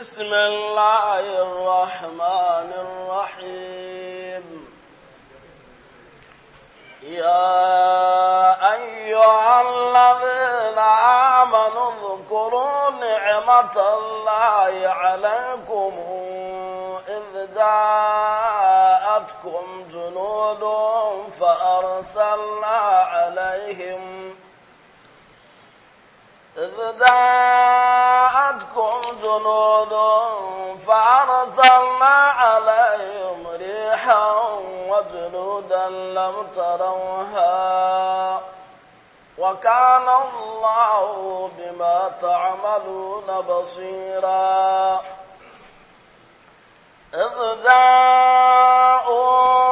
بسم الله الرحمن الرحيم يا أيها الذين آمنوا اذكروا نعمة الله عليكم إذ جاءتكم جنود فأرسلنا عليهم إذ جاءتكم جنود فأرسلنا عليهم ريحا وجنودا لم تروها وكان الله بما تعملون بصيرا إذ جاءوا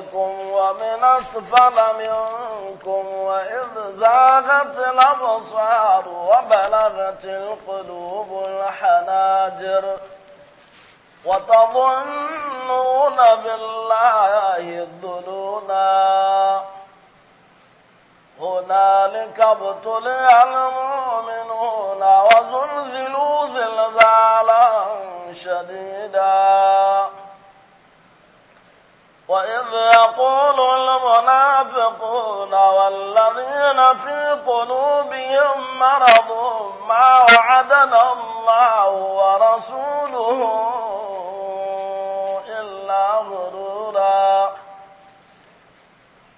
فوقكم ومن أسفل منكم وإذ زاغت الأبصار وبلغت القلوب الحناجر وتظنون بالله الظنونا هنالك ابتلي المؤمنون وزلزلوا زلزالا شديدا وإذ يقول المنافقون والذين في قلوبهم مرض ما وعدنا الله ورسوله إلا غرورا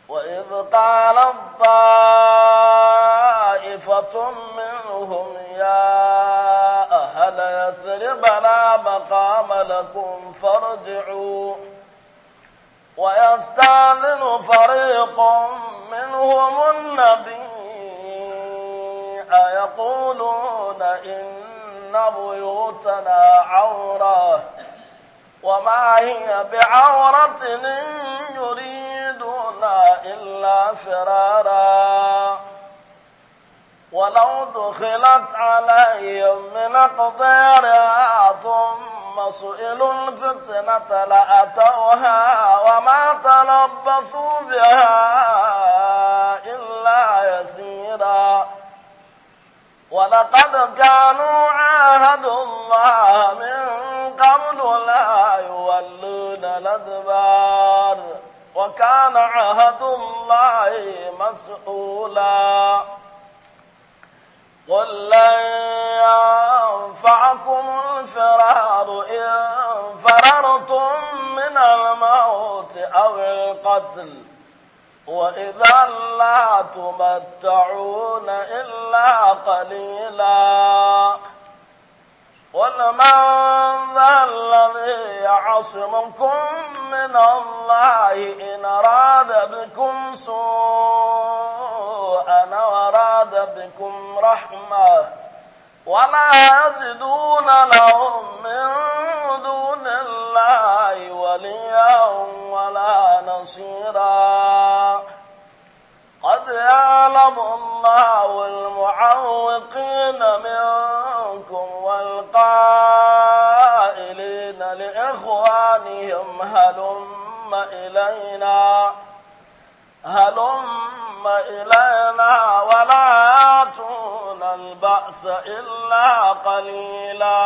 وإذ قال الطائفة منهم يا أهل يثرب لا مقام لكم فارجعوا ويستاذن فريق منهم النبي أيقولون إن بيوتنا عورة وما هي بعورة إن يريدون إلا فرارا ولو دخلت عليهم من أقدارها ثم ثم سئلوا الفتنة لأتوها وما تلبثوا بها إلا يسيرا ولقد كانوا عاهدوا الله من قبل لا يولون الأدبار وكان عهد الله مسؤولا قل لن ينفعكم الفرار إن فررتم من الموت أو القتل وإذا لا تمتعون إلا قليلا ولمن ذا الذي يعصمكم من الله إن أراد بكم سوءا وراد بكم رحمه ولا يجدون لهم من دون الله وليا ولا نصيرا قد يعلم الله المعوقين منكم والقائلين لإخوانهم هلم إلينا هلم اللهم إلينا ولا يأتون البأس إلا قليلا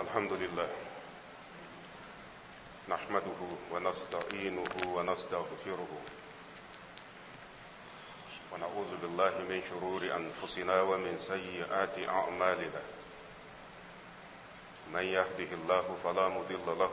الحمد لله نحمده ونستعينه ونستغفره ونعوذ بالله من شرور أنفسنا ومن سيئات أعمالنا من يهده الله فلا مضل له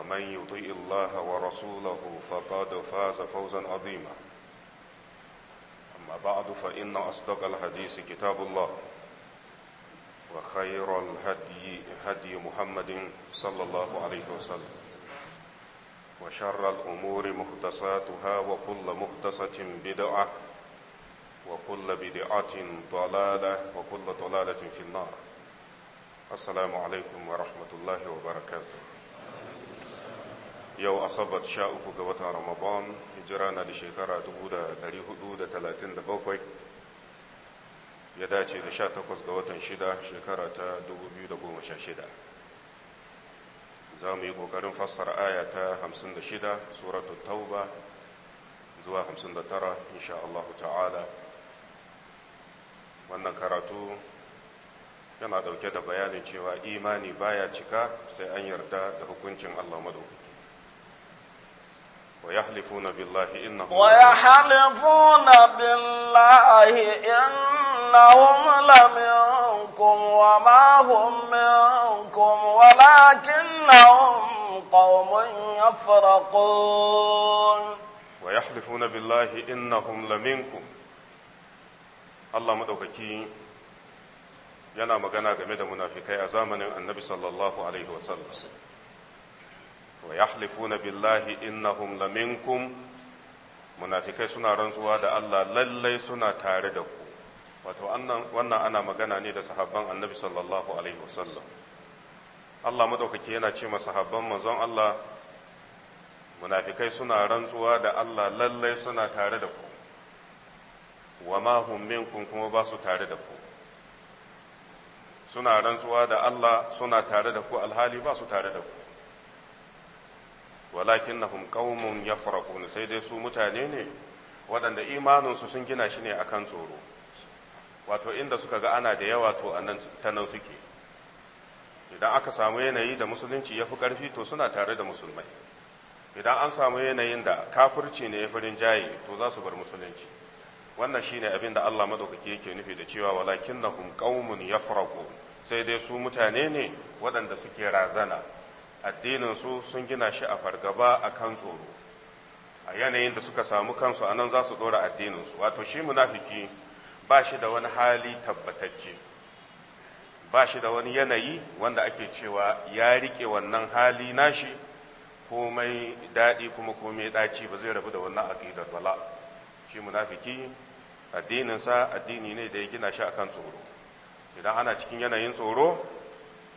ومن يطيء الله ورسوله فقد فاز فوزا عظيما أما بعد فإن أصدق الحديث كتاب الله وخير الهدي هدي محمد صلى الله عليه وسلم وشر الأمور محدثاتها وكل محدثة بدعة وكل بدعة ضلالة وكل ضلالة في النار السلام عليكم ورحمة الله وبركاته yau asabar sha uku ga watan ramadan hijira na da shekara 437 ya dace da sha takwas ga watan shida shekara ta 2016 za mu yi ƙoƙarin fassara aya ta 56 suratun tauba zuwa 59 insha Allah ta'ala wannan karatu yana ɗauke da bayanin cewa imani baya cika sai an yarda da hukuncin Allah madaukaki ويحلفون بالله إنهم ويحلفون بالله إنهم لمنكم وما هم منكم ولكنهم قوم يفرقون ويحلفون بالله إنهم لمنكم الله مدوكي yana magana game da munafikai a zamanin annabi sallallahu alaihi wasallam wa yahlifuna billahi innahum laminkum munafikai suna rantsuwa da Allah lallai suna tare da ku wato wannan ana magana ne da sahabban annabi sallallahu alaihi wasallam Allah madaukake yana ce ma sahabban manzon Allah munafikai suna rantsuwa da Allah lallai suna tare da ku wa ma hum minkum kuma ba su tare da ku suna rantsuwa da Allah suna tare da ku alhali ba su tare da ku walakin na qaumun yafraqun sai dai su mutane ne waɗanda imaninsu sun gina shi ne akan tsoro wato inda suka ga ana da yawa to ta nan suke idan aka samu yanayi da musulunci ya fi ƙarfi to suna tare da musulmai idan an samu yanayin da kafirci ne ya fi rinjaye to za su bar musulunci wannan shine abin da Allah madaukaki yake nufi da cewa walakinnahum qaumun yafraqun sai dai su mutane ne waɗanda suke razana addininsu sun gina shi a fargaba a kan tsoro a yanayin da suka samu kansu a nan za su ɗora addininsu wato shi munafiki ba shi da wani hali tabbatacce ba shi da wani yanayi wanda ake cewa ya rike wannan hali nashi komai daɗi kuma komai ɗaci ba zai rabu da wannan aƙidar bala shi munafiki addininsa addini ne da ya gina shi akan tsoro idan ana cikin yanayin tsoro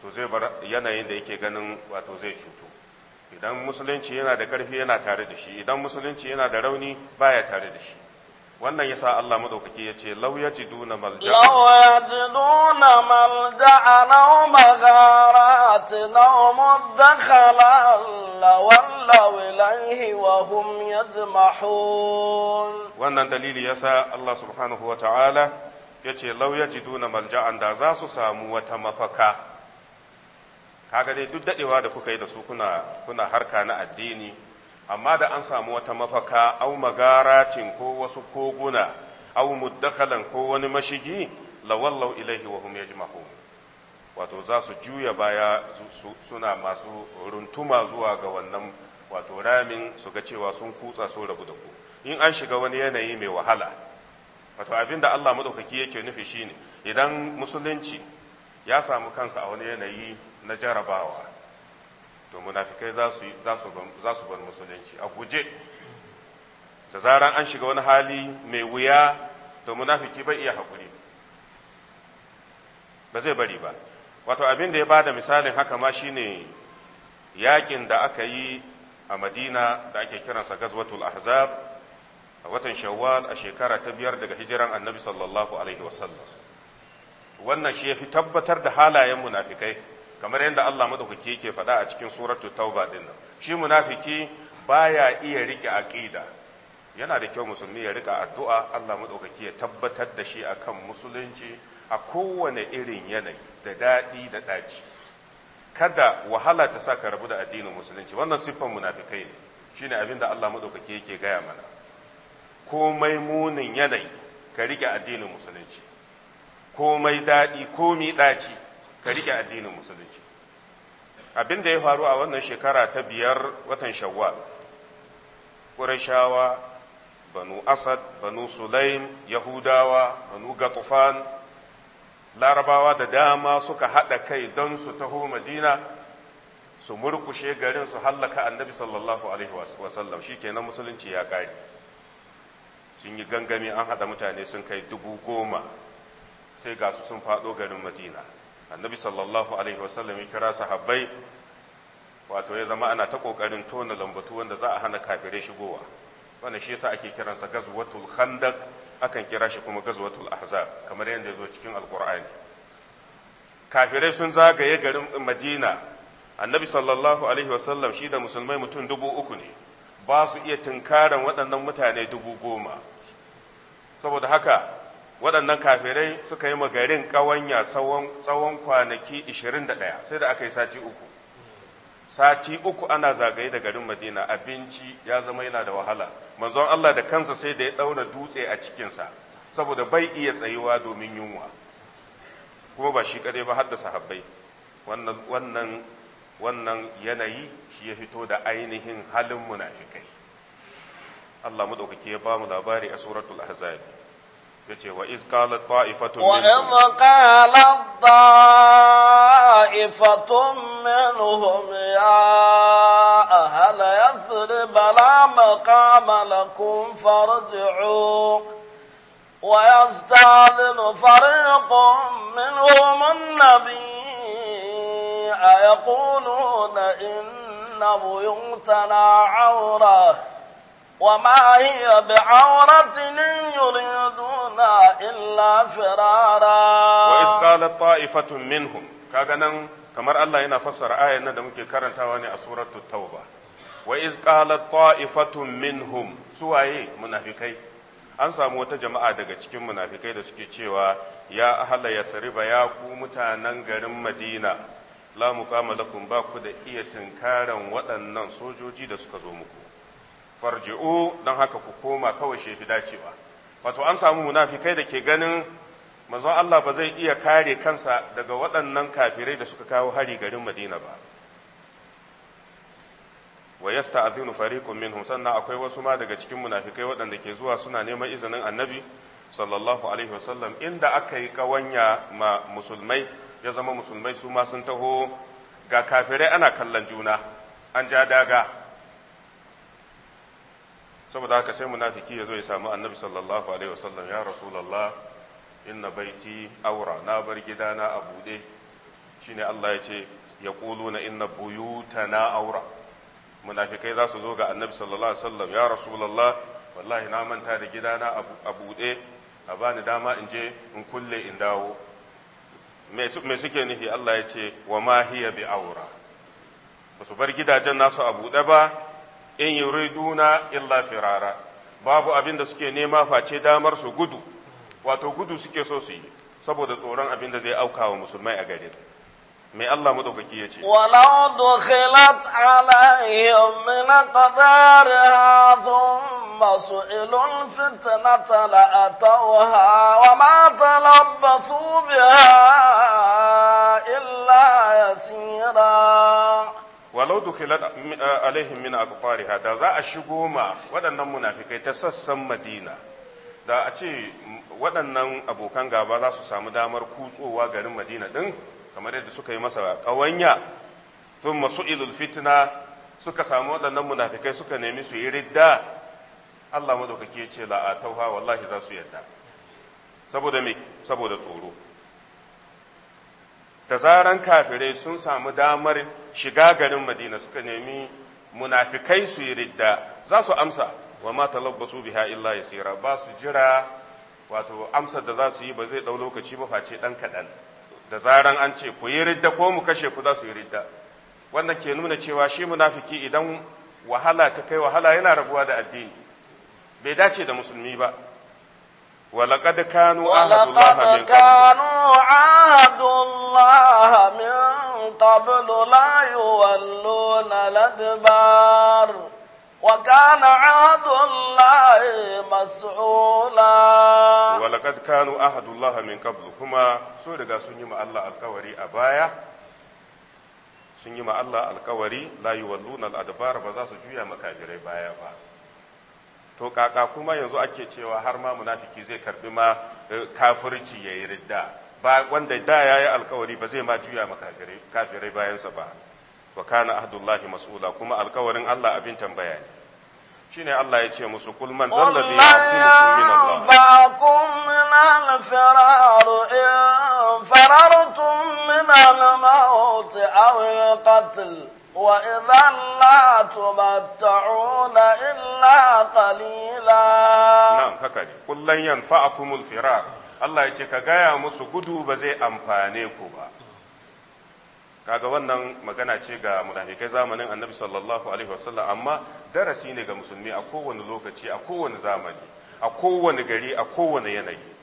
to zai bar yanayin da yake ganin wato zai cutu idan musulunci yana da ƙarfi yana tare da shi idan musulunci yana da rauni baya tare da shi wannan yasa Allah madaukaki ya ce law yajiduna malja'a law yajiduna malja'a law magharatin law mudakhala lawallaw ilayhi wa hum yajmahun wannan dalili yasa Allah subhanahu wa ta'ala yace ji duna malja da za su samu wata mafaka kaga dai duk dadewa da kuka yi da su kuna kuna harka na addini amma da an samu wata mafaka au magaracin ko wasu koguna au muddakhalan ko wani mashigi lawallau ilaihi wa hum yajma'u wato za su juya baya suna masu runtuma zuwa ga wannan wato ramin su ga cewa sun kutsa sun rabu da ku in an shiga wani yanayi mai wahala wato abin da Allah madaukaki yake nufi shine idan musulunci ya samu kansa a wani yanayi na jarabawa to munafikai za su bar musulunci a guje da zaran an shiga wani hali mai wuya to munafiki bai iya haƙuri ba zai bari ba wato abin da ya bada misalin haka ma shine yakin da aka yi a madina da ake kiransa gazwatul ahzab a watan shawwal a shekara ta biyar daga hijiran annabi sallallahu alaihi wasallam wannan shi ya fi tabbatar da halayen munafikai kamar yadda Allah madaukake yake faɗa a cikin suratul tauba din nan shi munafiki baya iya rike aqida yana da kyau musulmi ya rika addu'a Allah madaukake ya tabbatar da shi akan musulunci a kowane irin yanayi da daɗi da ɗaci kada wahala ta sa ka rabu da addinin musulunci wannan sifan munafikai ne shine abin da Allah madaukake yake gaya mana komai munin yanayi ka rike addinin musulunci komai daɗi komi ɗaci ka rike addinin musulunci abin da ya faru a wannan shekara ta biyar watan shawwal ƙurashawa banu asad banu sulaim yahudawa banu gatufan larabawa da dama suka haɗa kai don su taho madina su murkushe garin su hallaka annabi sallallahu alaihi wasallam shikenan musulunci ya ƙare sun yi gangami an haɗa mutane sun kai dubu goma sai ga su sun faɗo garin madina annabi sallallahu alaihi wasallam ya kira sahabbai wato ya zama ana ta kokarin tona lambatu wanda za a hana kafirai shigowa wannan shi yasa ake kiransa gazwatul khandaq akan kira shi kuma gazwatul ahzab kamar yadda yazo cikin alqur'ani kafirai sun zagaye garin madina annabi sallallahu alaihi wasallam shi da musulmai mutum dubu uku ne ba su iya tunkaran waɗannan mutane dubu goma saboda haka waɗannan kafirai suka yi magarin ƙawanya tsawon kwanaki 21 sai da aka yi sati uku sati uku ana zagaye da garin madina abinci ya zama yana da wahala manzon allah da kansa sai da ya ɗaura dutse a cikinsa saboda bai iya tsayuwa domin yunwa kuma ba shi kadai ba har da sahabbai wannan yanayi shi ya fito da ainihin halin munafikai allah maɗaukaki ya ba mu labari a suratul ahzabi yace wa iz qalat ta'ifatu wa iz qalat ta'ifatun minhum ya ahla yathrib la maqama lakum farji'u ويستعذن فريق منهم النبي أيقولون إن بيوتنا عوره وما هي بعورة يريدون إلا فرارا وإذ قال طائفة منهم كاغنا كمر الله هنا فسر آية ندم كي كرنتواني سورة التوبة وإذ قال طائفة منهم سواي منافقين an samu wata jama'a daga cikin munafikai da suke cewa ya ahala ya sariba ya ku mutanen garin madina la kama lakum ba ku da iya tunkaran waɗannan sojoji da suka zo muku farji'u don haka ku koma kawai shefi dacewa wato an samu munafikai da ke ganin manzon Allah ba zai iya kare kansa daga waɗannan kafirai da suka kawo hari garin Madina ba wa azinu fariqun minhum sannan akwai wasu ma daga cikin munafikai waɗanda ke zuwa suna neman izinin annabi sallallahu alaihi wasallam inda aka yi kawanya ma musulmai ya zama musulmai su ma sun taho ga kafirai ana kallon juna an ja daga saboda haka sai munafiki ya zo ya samu annabi sallallahu alaihi wasallam ya rasulullah inna baiti aura na bar gidana a bude shine Allah ya ce ya na inna buyutana aura munafikai za su zo ga annabi sallallahu alaihi wasallam ya rasulullah wallahi na manta da gidana a bude a bani dama in je in kulle in dawo me suke nufi Allah ya ce wa ma hiya bi aura ba su bar gidajen nasu a bude ba in yuriduna illa firara babu abin da suke nema face damar su gudu wato gudu suke so su yi saboda tsoron abin da zai auka wa musulmai a garin mai Allah madaukaki ya ce walau dukhilat alaihim min qadariha thumma su'ilun fitnata la atawha wa ma talabbathu biha illa yasira walau dukhilat alaihim min aqtariha da za a shigo ma waɗannan munafikai ta sassan Madina da a ce waɗannan abokan gaba za su samu damar kutsowa garin Madina din kamar yadda suka yi masa ƙawanya sun masu ilul fitina suka samu waɗannan munafikai suka nemi su yi ridda Allah madaukake ce la'atauha wallahi za su yadda saboda me saboda tsoro da zaran kafirai sun samu damar shiga garin madina suka nemi munafikai su yi ridda za su amsa wa ma su biha illa yasira ba su jira wato amsar da za su yi ba zai dau lokaci ba face dan kadan da zaran an ce ku yi ridda ko mu kashe ku za su yi ridda wannan ke nuna cewa shi munafiki idan wahala ta kai wahala yana rabuwa da addini bai dace da musulmi ba ولقد كانوا عهد الله من قبل قبل لا يولون الأدبار وكان عهد الله مسعولا ولقد كانوا عهد الله من قبل كما سورة سنة الله الكوري أبايا sun yi الله Allah لا يولون yuwalluna بذا ba za بايا با to kaka kuma yanzu ake cewa har ma munafiki zai karbi ma kafirci yayi ridda ba wanda da ya yi alkawari ba zai ma juya ma kafirai bayansa ba wa kana ahdullahi mas'ula kuma alkawarin Allah abin tambaya ne shine Allah ya ce musu kul man zalla bi yasimukum min Allah fa'akum min firar farartum min al-maut aw al-qatl wa idhan la tumatta'una illa qalila na'am haka ne kullan yanfa'akum firar Allah ya ce ka gaya musu gudu ba zai amfane ku ba kaga wannan magana ce ga munafikai zamanin annabi sallallahu alaihi wasallam amma darasi ne ga musulmi a kowane lokaci a kowane zamani a kowane gari a kowane yanayi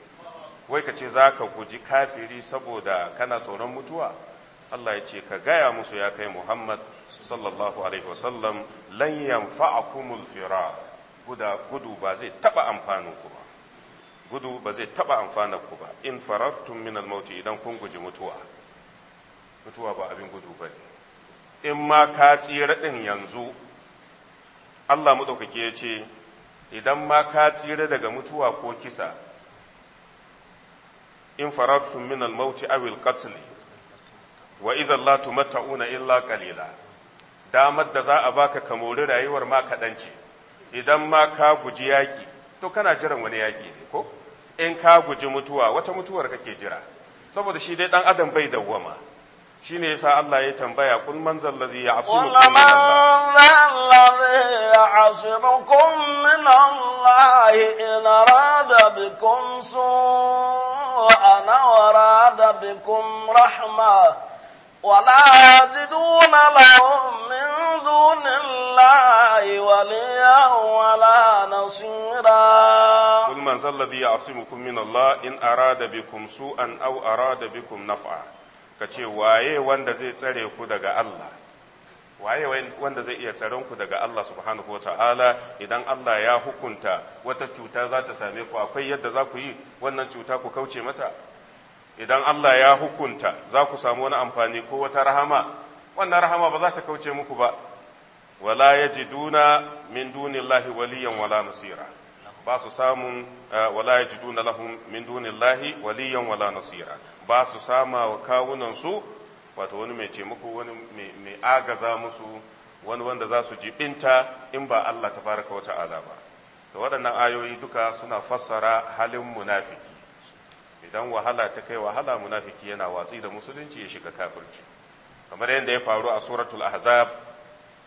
wai ka ce za guji kafiri saboda kana tsoron mutuwa Allah ya ce ka gaya musu ya kai Muhammad sallallahu alaihi wasallam lan yanfa'akumul firar gudu ba zai taba amfanin ku gudu ba zai taba amfana ku ba in farartum min al mauti idan kun guji mutuwa mutuwa ba abin gudu ba ne in ma ka tsira din yanzu Allah madaukake ya ce idan ma ka tsira daga mutuwa ko kisa in farartum min al-maut aw al-qatl wa idza la tumatta'una illa qalila damar da za a baka ka mori rayuwar ma kaɗan ce idan ma ka guji yaƙi to kana jiran wani yaƙi in ka guji mutuwa wata mutuwar kake jira saboda shi dai dan adam bai dawwama shine yasa Allah ya tambaya kul man zallazi ya'simukum min min Allah in arada bikum su'a wa arada bikum rahmah ولا يجدون لهم من دون الله وليا ولا نصيرا قل من ذا الذي يعصمكم من الله إن أراد بكم سوءا أو أراد بكم نفعا kace waye wanda zai tsare ku daga Allah waye wanda zai iya tsaron ku daga Allah subhanahu wata'ala idan Allah ya hukunta wata cuta za ta same ku akwai yadda za ku yi wannan cuta ku kauce mata idan Allah ya hukunta za ku samu wani amfani ko wata rahama wannan rahama ba za ta kauce muku ba wala yajiduna min dunillahi waliyan wala nasira ba su samun eh, wala yajiduna lahum min dunillahi waliyan wala nasira ba su sama wa kawunan su wato wani mai ce muku wani mai agaza musu wani wanda za su ji binta in ba Allah tabaraka wa wata ba da waɗannan ayoyi duka suna fassara halin munafiki idan wahala ta kai wahala munafiki yana watsi da musulunci ya shiga kafirci kamar yadda ya faru a suratul ahzab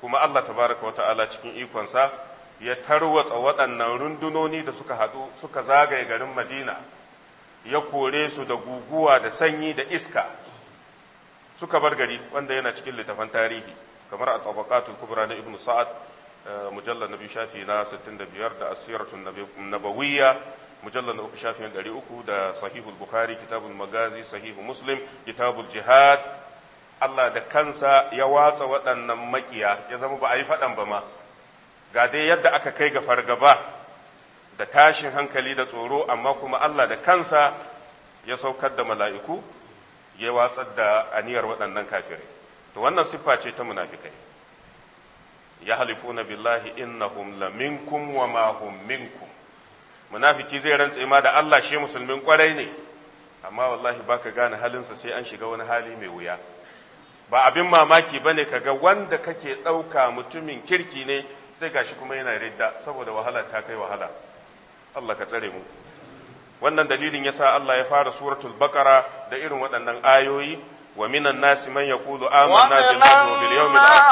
kuma Allah tabaraka wa ta'ala cikin ikonsa ya tarwatsa waɗannan rundunoni da suka haɗu suka zagaye garin madina ya kore su da guguwa da sanyi da iska suka bar gari wanda yana cikin littafan tarihi kamar a tabaqatul kubra na ibnu sa'ad eh, mujallal nabi shafi na 65 da asiratun nabawiyya mujallar na uku shafin ɗari uku da sahihul bukhari kitabul magazi sahihu muslim kitabul jihad allah da kansa ya watsa waɗannan makiya ya zama ba a yi faɗan ba ma ga dai yadda aka kai ga fargaba da tashin hankali da tsoro amma kuma allah da kansa ya saukar da mala'iku ya watsar da aniyar waɗannan kafirai to wannan siffa ce ta munafikai ya halifuna billahi innahum laminkum wa ma hum munafiki zai rantse ma da Allah shi musulmin kwarai ne amma wallahi baka gane halinsa sai an shiga wani hali mai wuya ba abin mamaki bane kaga wanda kake ɗauka mutumin kirki ne sai gashi kuma yana ridda saboda wahala ta kai wahala Allah ka tsare mu wannan dalilin yasa Allah ya fara suratul baqara da irin waɗannan ayoyi ومن الناس من يقول آمنا بالله وباليوم الآخر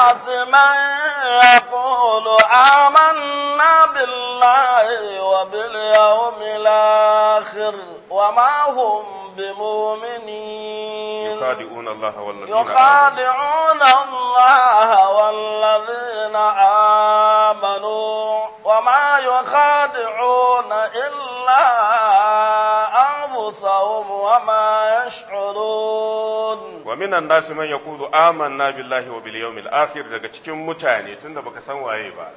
ومن الناس من يقول آمنا بالله وباليوم الآخر وما هم بمؤمنين يخادعون الله والذين يخادعون الله والذين آمنوا وما يخادعون إلا أنفسهم وما يشعرون ومن الناس من يقول آمنا بالله وباليوم الآخر daga cikin mutane tunda baka san waye ba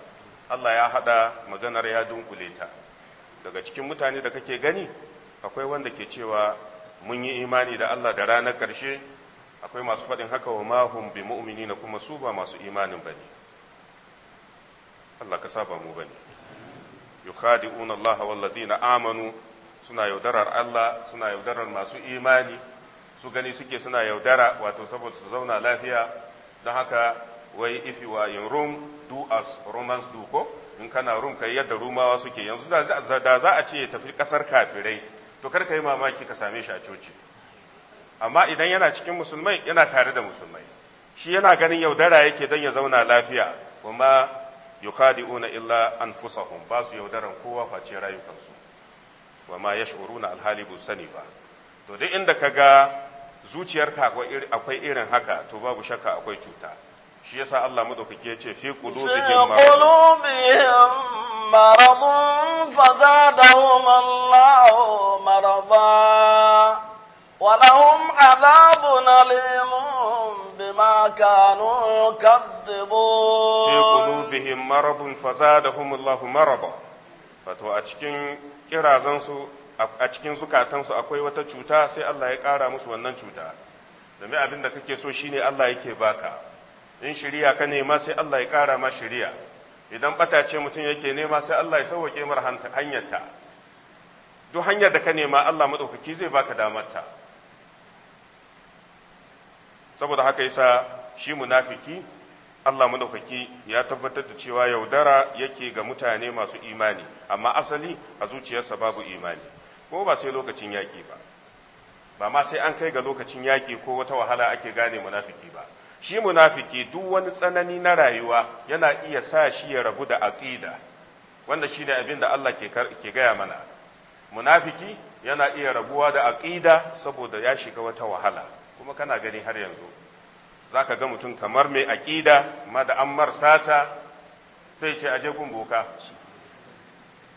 Allah ya hada maganar ya dunkule ta daga cikin mutane da kake gani akwai wanda ke cewa mun yi imani da Allah da ranar ƙarshe akwai masu faɗin haka wa mahum bi mu'minina kuma su ba masu imanin bane Allah ka saba mu bane yukhadi'una Allah wal ladina amanu suna yaudarar Allah suna yaudarar masu imani su gani suke suna yaudara wato saboda su zauna lafiya don haka wai if you are in Rum do as Romans do ko in kana Rome kai yadda Rumawa suke yanzu da za a ce ya tafi kasar kafirai to kar ka yi mamaki ka same shi a coci amma idan yana cikin musulmai yana tare da musulmai shi yana ganin yaudara yake don ya zauna lafiya kuma yukhadi'una illa anfusahum ba su yaudaran kowa face rayukansu wa ma na alhali bu sani ba to duk inda ka ga zuciyarka akwai irin haka to babu shakka akwai cuta shi yasa Allah madaukake ya ce fi qulubihim maradun fazadahum Allah marada ولهم عذاب أليم بما كانوا يكذبون في قلوبهم مرض فزادهم الله مرضا فتو أتشكين kirazansu a cikin zukatansu akwai wata cuta sai Allah ya kara musu wannan cuta domin abin da kake so shine Allah yake baka in shiriya ka nema sai Allah ya ƙara ma shiriya idan bata ce mutum yake nema sai Allah ya sauwaƙe mar hanyarta duk hanyar da ka nema Allah maɗaukaki zai baka damar ta saboda haka yasa shi munafiki Allah madaukaki ya tabbatar da cewa yaudara yake ga mutane masu imani amma asali a zuciyarsa babu imani ko ba sai lokacin yaƙi ba ba ma sai an kai ga lokacin yaƙi ko wata wahala ake gane munafiki ba shi munafiki duk wani tsanani na rayuwa yana iya sa shi ya rabu da aqida wanda shine abin da Allah ke ke gaya mana munafiki yana iya rabuwa da aqida saboda ya shiga wata wahala kuma kana gani har yanzu za ka ga mutum kamar mai aƙida ma da an ta sai ce aje gun boka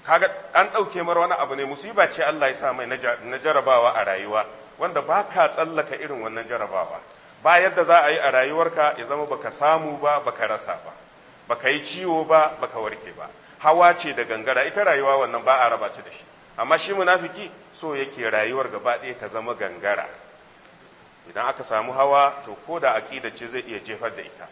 kaga an ɗauke mar wani abu ne musiba ce Allah ya sa mai na jarabawa a rayuwa wanda ba ka tsallaka irin wannan jarabawa ba yadda za a yi a rayuwarka ya zama baka samu ba baka rasa ba baka yi ciwo ba baka warke ba hawa ce da gangara ita rayuwa wannan ba a raba ta da shi amma shi munafiki so yake rayuwar gaba ɗaya ta zama gangara idan aka samu hawa to ko da aƙida ce zai iya jefar da ita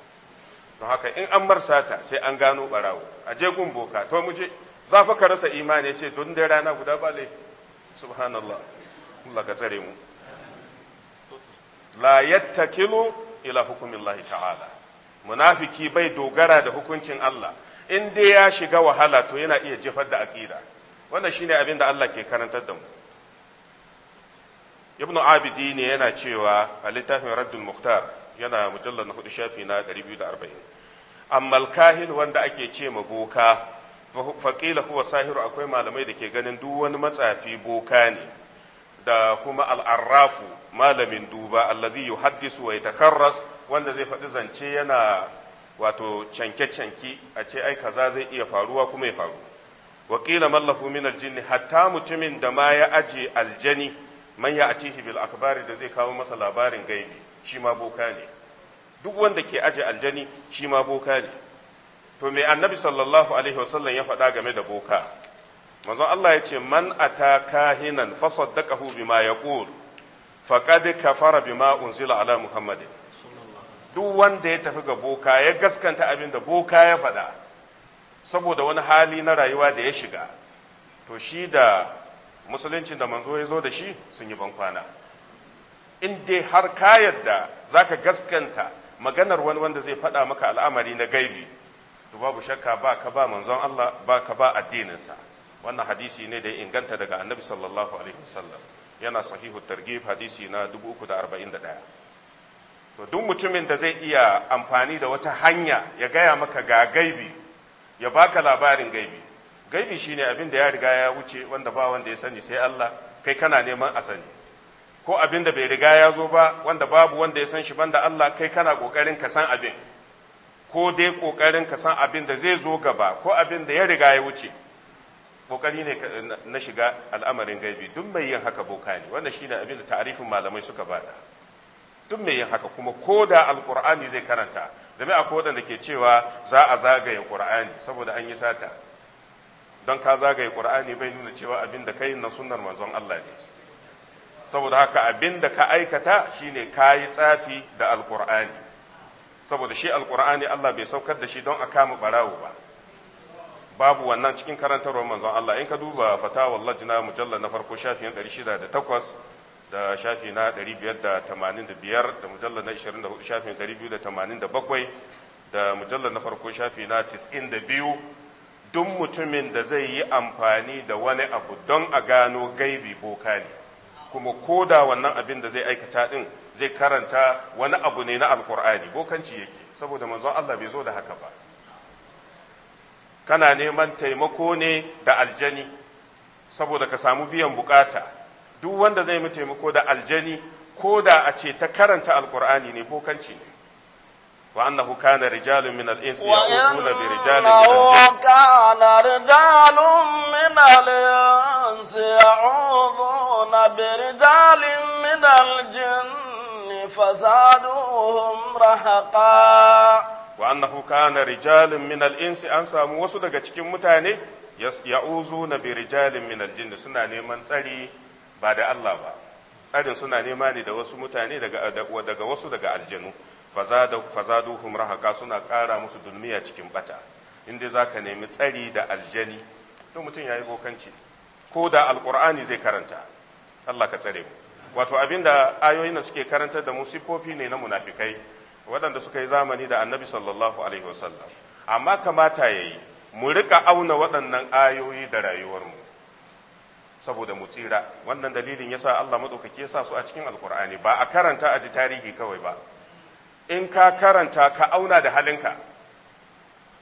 don haka in an marsa ta sai an gano barawo a je gun boka to mu je za fa ka rasa imani ya ce don dai rana guda ba laifi subhanallah Allah ka tsare mu la yattakilu ila hukumillahi ta'ala munafiki bai dogara da hukuncin Allah in dai ya shiga wahala to yana iya jefar da aqida wannan shine abin da Allah ke karantar da mu ibn abidi ne yana cewa a littafin raddul muhtar yana mujallar na hudu shafi na 240 amma alkahin wanda ake ce ma boka faƙila kuwa sahiru akwai malamai da ke ganin duk wani matsafi boka ne da kuma al'arrafu malamin duba allazi haddisu wa yatakharras wanda zai faɗi zance yana wato canke-canke a ce ai kaza zai iya faruwa kuma ya faru wakila mallahu min aljinni hatta mutumin da ma ya aje aljani man ya atihi bil akhbari da zai kawo masa labarin gaibi shi ma boka ne duk wanda ke aje aljani shi ma boka ne to me annabi sallallahu alaihi wasallam ya faɗa game da boka manzon Allah ya ce man ata kahinan fa saddaqahu bima yaqul faqad kafara bima unzila ala muhammadin duk wanda ya tafi ga boka ya gaskanta abin da boka ya faɗa saboda wani hali na rayuwa da ya shiga to shi da Musulunci da manzo ya zo da shi sun yi bankwana in dai har ka yadda za ka gaskanta maganar wani wanda zai faɗa maka al'amari na gaibi to babu shakka ba ka ba manzon Allah ba ka ba addininsa wannan hadisi ne da ya inganta daga annabi sallallahu alaihi wasallam yana sahihu targhib hadisi na 341 to duk mutumin da zai iya amfani da wata hanya ya gaya maka ga gaibi ya baka labarin gaibi gaibi shine abin da ya riga ya wuce wanda ba wanda ya sani sai Allah kai kana neman a sani ko abin da bai riga ya zo ba wanda babu wanda ya san shi banda Allah kai kana kokarin ka san abin ko dai kokarin ka san abin da zai zo gaba ko abin da ya riga ya wuce kokari ne na shiga al'amarin gaibi duk mai yin haka boka ne wanda shine abin da ta'arifin malamai suka bada duk mai yin haka kuma ko da alqur'ani zai karanta da mai akwai wadanda ke cewa za a zagaye qur'ani saboda an yi sata don ka zagaye ƙur'ani bai nuna cewa abin da yi na sunar manzon Allah ne saboda haka abin da ka aikata shine yi tsafi da alƙur'ani saboda shi alƙur'ani Allah bai saukar da shi don a kama barawo ba babu wannan cikin karantarwar manzon Allah in ka duba wallah jina mujallar na farko shafi na 608 da shafi na 585 da mujallar na 24 shafi na 287 da mujallar na farko shafi na 92 duk mutumin da zai yi amfani da wani abu don a gano gaibi boka ne kuma ko da wannan abin da zai aikata din zai karanta wani abu ne na alkur'ani bokanci yake saboda manzo Allah bai zo da haka ba kana neman taimako ne da aljani saboda ka samu biyan bukata duk wanda zai mu taimako da aljani ko da a ce ta karanta alkur'ani ne bokanci ne وأنه كان رجال من الإنس يعوذون برجال من الجن كان رجال من الإنس يعوذون برجال من الجن فزادوهم رهقا وأنه كان رجال من الإنس أنسى موسو daga cikin mutane ya'uzuna bi rijalin min aljinn suna neman tsari ba da Allah ba tsarin suna nema ne da wasu mutane daga wasu daga aljanu fazaduhum rahaka suna ƙara musu dulmiya cikin bata inda za ka nemi tsari da aljani don mutum ya yi bokanci ko da alƙur'ani zai karanta allah ka tsare mu wato abin da ayoyin da suke karanta da mu sifofi ne na munafikai waɗanda suka yi zamani da annabi sallallahu alaihi wasallam amma kamata ya yi mu rika auna waɗannan ayoyi da rayuwarmu saboda mu tsira wannan dalilin yasa allah maɗaukaki ya sa su a cikin alƙur'ani ba a karanta a ji tarihi kawai ba in ka karanta ka auna da halinka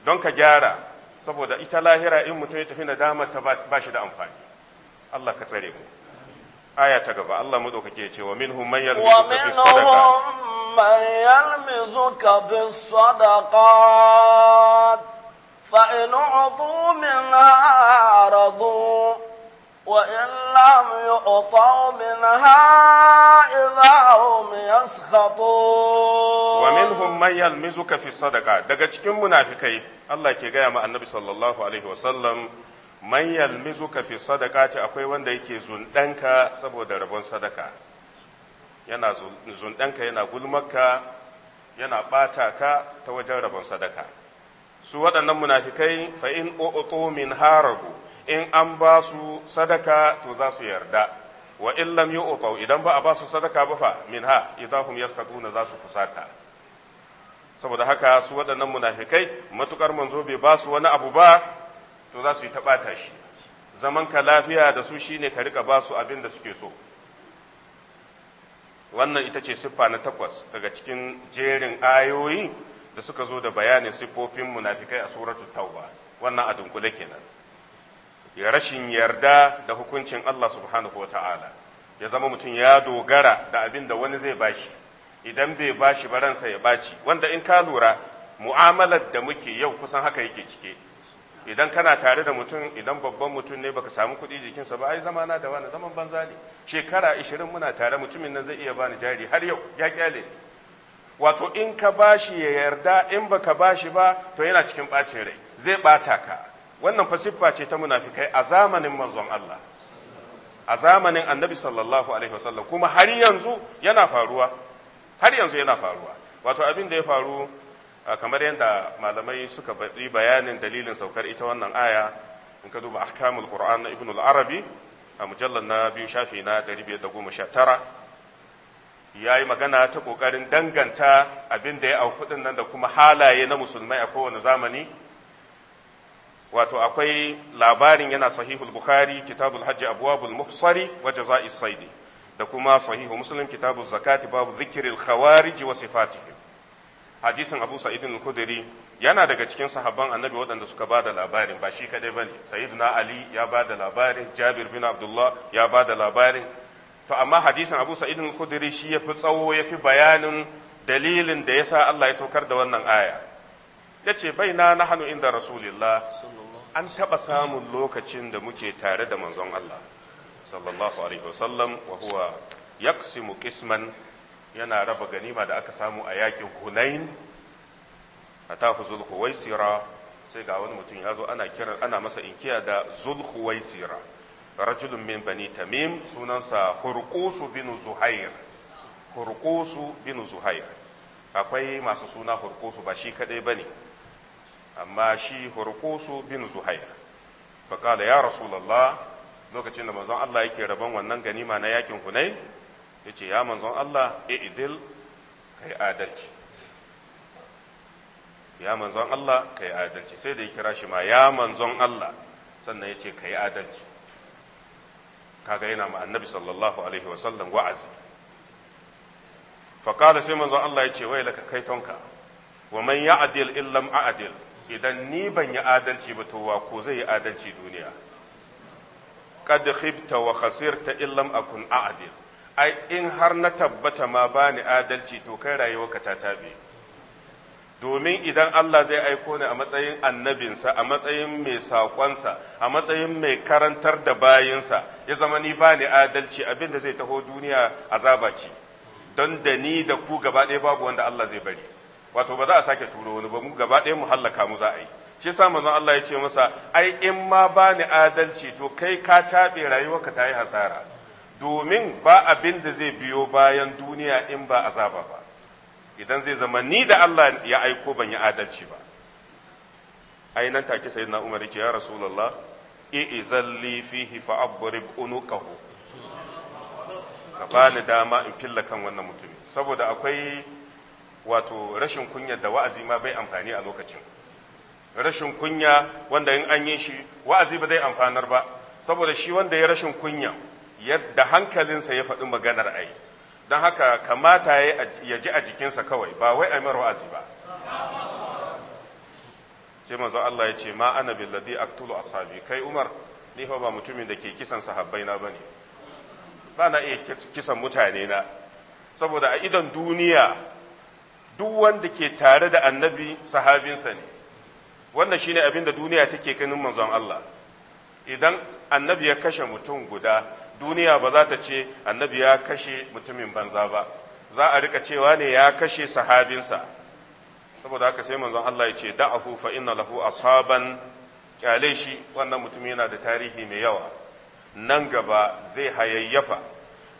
don ka gyara saboda ita lahira in mutum ya tafi nadama ta ba shi da amfani Allah ka tsare mu aya ta gaba Allah madaukake ya ce wa minhum man yalmizuka fi fi sadaqat fa in utu minha radu وإن لم يعطوا منها إذا هم يسخطون ومنهم من يلمزك في الصدقة daga cikin munafikai Allah ke gaya ma annabi sallallahu alaihi wasallam man yalmizuka fi sadaqati akwai wanda yake zundanka saboda rabon sadaka yana zundanka yana gulmarka yana bata ka ta wajen rabon sadaka su waɗannan munafikai fa in haragu in an ba su sadaka to za su yarda wa in lam yu'tau idan ba a ba su sadaka ba fa ha idahum yaskatuna za su kusata saboda haka su waɗannan munafikai matukar manzo bai ba su wani abu ba to za su yi bata shi zaman ka lafiya da su shine ka rika ba su abin da suke so wannan ita ce siffa na takwas daga cikin jerin ayoyi da suka zo da bayanin siffofin munafikai a suratul tauba wannan a dunkule kenan ya rashin yarda da hukuncin Allah subhanahu wa ta'ala ya zama mutum ya dogara da abin da wani zai bashi idan bai bashi ba ransa ya baci wanda in ka lura mu'amalar da muke yau kusan haka yake cike idan kana tare da mutum idan babban mutum ne baka samu kuɗi jikinsa ba ai zama da wani zaman banza ne shekara ashirin muna tare mutumin nan zai iya bani jari har yau ya kyale wato in ka bashi ya yarda in baka bashi ba to yana cikin ɓacin rai zai ɓata ka wannan fasiffa ce ta munafikai a zamanin manzon Allah a zamanin annabi sallallahu alaihi wasallam kuma har yanzu yana faruwa har yanzu yana faruwa wato abin da ya faru kamar yadda malamai suka bari bayanin dalilin saukar ita wannan aya in ka duba ahkamul qur'an ibn al-arabi a mujallar na biyu shafi na 519 ya yi magana ta kokarin danganta abin da ya auku nan da kuma halaye na musulmai a kowane zamani wato akwai labarin yana sahihul bukhari kitabul hajji abwabul muhsari wa saidi da kuma sahihu muslim kitabuz zakati babu dhikril khawarij wa sifatihim hadisin abu sa'id al-khudri yana daga cikin sahabban annabi waɗanda suka ba da labarin ba shi kadai bane sayyidina ali ya ba da labarin jabir bin abdullah ya ba da labarin to amma hadisin abu sa'id al-khudri shi yafi tsawo yafi bayanin dalilin da yasa Allah ya saukar da wannan aya yace baina nahnu inda rasulillah an taɓa samun lokacin da muke tare da manzon Allah sallallahu alaihi wasallam wa huwa yaqsimu qisman yana raba ganima da aka samu a yakin Hunain atahu zulhuwaisira sai ga wani mutum ya zo ana kiran ana masa inkiya da zulhuwaisira rajulun min bani tamim sunansa hurqusu bin zuhair hurqusu bin zuhair akwai masu suna hurqusu ba shi kadai bane amma shi hurkusu bin zuhair faƙala ya rasulallah lokacin da manzon Allah yake rabon wannan ganima na yakin hunai ya ce ya manzon Allah e idil kai adalci ya manzon Allah kai adalci sai da ya kira shi ma ya manzon Allah sannan ya ce kai adalci kaga yana ma annabi sallallahu alaihi wasallam wa'azi faƙala sai manzon Allah ya ce wai laka kai tonka wa man ya'dil illam a'dil idan ni ban yi adalci ba to wa ko zai yi adalci duniya qad khibta wa khasirta illam akun a'dil ai in har na tabbata ma bani adalci to kai rayuwarka ta tabe domin idan Allah zai aiko ni a matsayin annabinsa a matsayin mai saƙonsa a matsayin mai karantar da bayinsa ya zama ni ba ni adalci abinda zai taho duniya azaba ce don da ni da ku gaba ɗaya babu wanda Allah zai bari wato ba za a sake turo wani ba mu gaba ɗaya mu hallaka mu za a yi shi yasa manzon Allah ya ce masa ai in ma ba ni adalci to kai ka taɓe rayuwarka ta yi hasara domin ba abin da zai biyo bayan duniya in ba azaba ba idan zai zama ni da Allah ya aiko ban yi adalci ba ai nan take sayyidina Umar ya ce ya rasulullah i'izalli fihi fa abrib unuqahu ka bani dama in filla kan wannan mutumin saboda akwai wato rashin kunya da wa'azi ma bai amfani a lokacin rashin kunya wanda in an yi shi wa'azi ba zai amfanar ba saboda shi wanda ya rashin kunya yadda hankalinsa ya faɗi maganar ai don haka kamata ya ji a jikinsa kawai ba wai a aimar wa'azi ba sai manzo Allah ya ce ma ana billadhi a ashabi kai Umar ni fa ba mutumin da ke kisan sahabbai na bane ba na iya kisan mutane na saboda a idan duniya duk wanda ke tare da annabi sahabinsa ne wannan shine abin da duniya take kanin manzon Allah idan annabi ya kashe mutum guda duniya ba za ta ce annabi ya kashe mutumin banza ba za a rika cewa ne ya kashe sahabinsa saboda haka sai manzon Allah ya ce da'ahu fa inna lahu ashaban kyale shi wannan mutum yana da tarihi mai yawa nan gaba zai hayayyafa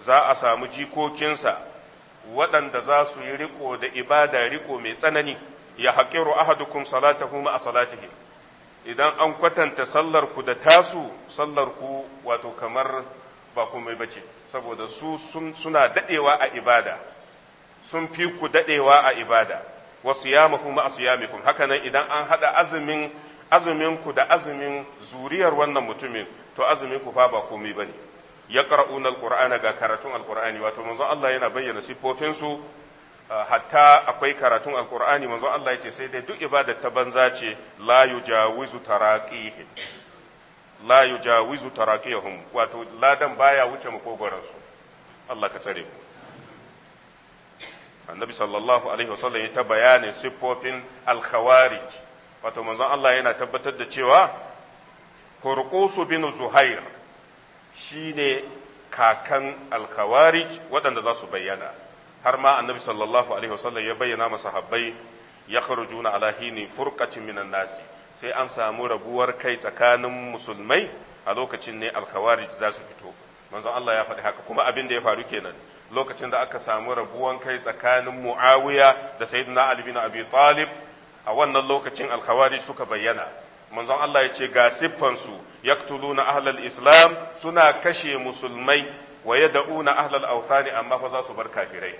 za a samu jikokinsa waɗanda za su yi riko da ibada riko mai tsanani ya haƙiru ahadukum salatahu ma a salatihi idan an kwatanta sallar ku da tasu sallar ku wato kamar ba mai bace saboda su suna daɗewa a ibada sun fi ku daɗewa a ibada wa siyamakum ma siyamikum hakanan idan an haɗa azumin azumin ku da azumin zuriyar wannan mutumin to azumin ku fa ba komai bane ya ƙara'un alƙur'ana ga karatun alƙur'ani wato manzo Allah yana bayyana siffofinsu uh, hatta akwai karatun alƙur'ani manzo Allah ya ce sai dai duk ibadar ta banza ce la yujawizu taraqihi la yujawizu taraqihum wato ladan baya wuce makogoran su Allah ka tsare mu annabi sallallahu alaihi wasallam ya ta bayanin siffofin alkhawarij wato manzo Allah yana tabbatar da cewa hurqusu bin zuhair Shi ne kakan alkhawarij waɗanda za su bayyana har ma annabi sallallahu alaihi wasallam ya bayyana masa habbai ya kharujuna ala hini furqatin minan nasi sai an samu rabuwar kai tsakanin musulmai a lokacin ne alkhawarij za su fito manzon Allah ya faɗi haka kuma abin da ya faru kenan lokacin da aka samu rabuwan kai tsakanin muawiya da sayyidina ali bin abi talib a wannan lokacin alkhawarij suka bayyana manzon Allah ya ce ga siffansu na ahlal islam suna kashe musulmai wa yad'una ahlal awthani amma fa za su bar kafirai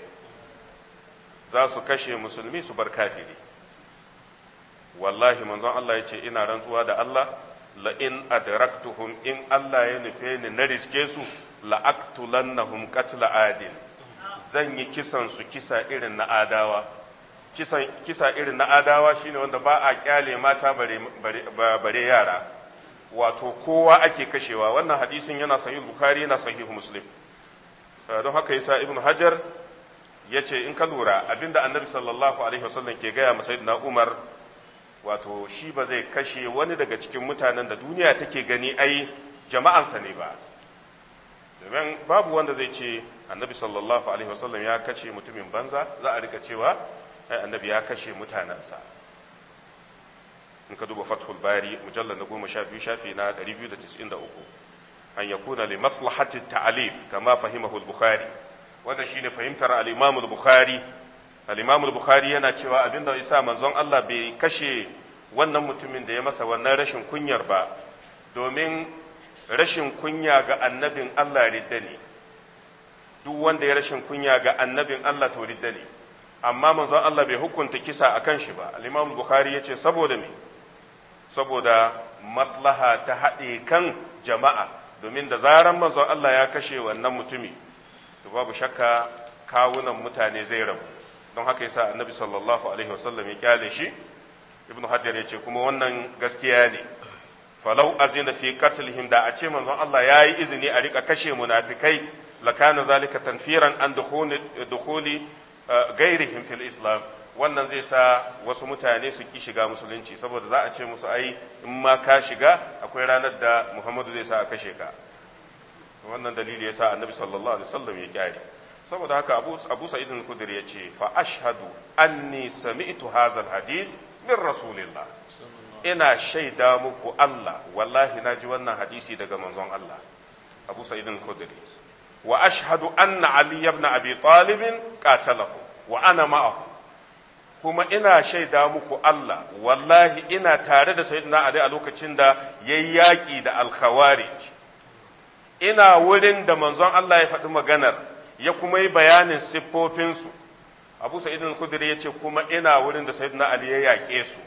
za su kashe musulmi su bar kafiri wallahi manzon Allah ya ce ina rantsuwa da Allah la in adraktuhum in Allah ya nufe ni na riske su la aqtulannahum qatla adil zan yi kisan su kisa irin na adawa kisa irin na adawa shine wanda ba a kyale mata bare yara wato kowa ake kashewa wannan hadisin yana sahih bukhari yana sahih muslim eh, don haka yasa ibn hajar ya ce in ka lura abinda annabi sallallahu alaihi wasallam ke gaya masa na umar wato shi ba zai kashe wani daga cikin mutanen da duniya take gani ai jama'ansa ne ba domin babu wanda zai ce annabi sallallahu alaihi wasallam ya kace mutumin banza za a rika cewa ai annabi ya kashe mutanensa in ka duba fathul bari mujallar na goma sha biyu shafi na 293 an yakuna li maslahati ta'alif kama fahimahu al-bukhari wanda shine fahimtar al-imam al-bukhari al bukhari yana cewa abinda yasa manzon Allah bai kashe wannan mutumin da ya masa wannan rashin kunyar ba domin rashin kunya ga annabin Allah ridda ne duk wanda ya rashin kunya ga annabin Allah to ridda amma manzon Allah bai hukunta kisa akan shi ba al-Imam Bukhari yace saboda me saboda maslaha ta haɗe kan jama'a domin da zaran manzon Allah ya kashe wannan mutumi to babu shakka kawunan mutane zai rabu don haka yasa annabi sallallahu alaihi wasallam ya kyale shi ibnu hajar yace kuma wannan gaskiya ne falau azina fi qatlihim da a ce manzon Allah ya yi izini a rika kashe munafikai lakana zalika tanfiran an dukhuli gairihim fil islam wannan zai sa wasu mutane su ki shiga musulunci saboda za a ce musu ai in ma ka shiga akwai ranar da muhammadu zai sa a kashe ka wannan dalili ya sa annabi sallallahu alaihi wasallam ya kyare saboda haka abu abu sa'id al ya ce fa ashhadu anni sami'tu hadha hadis min rasulillah ina shaida muku Allah wallahi naji wannan hadisi daga manzon Allah abu sa'id al wa ashhadu anna ali ibn abi talib qatalahu wa ana ma'a kuma ina shaida muku Allah wallahi ina tare da sayyidina Ali a lokacin da yayi yaki da al ina wurin da manzon Allah ya faɗi maganar ya kuma yi bayanin siffofinsu abu sa'id al-khudri yace kuma ina wurin da sayyidina ali ya yake su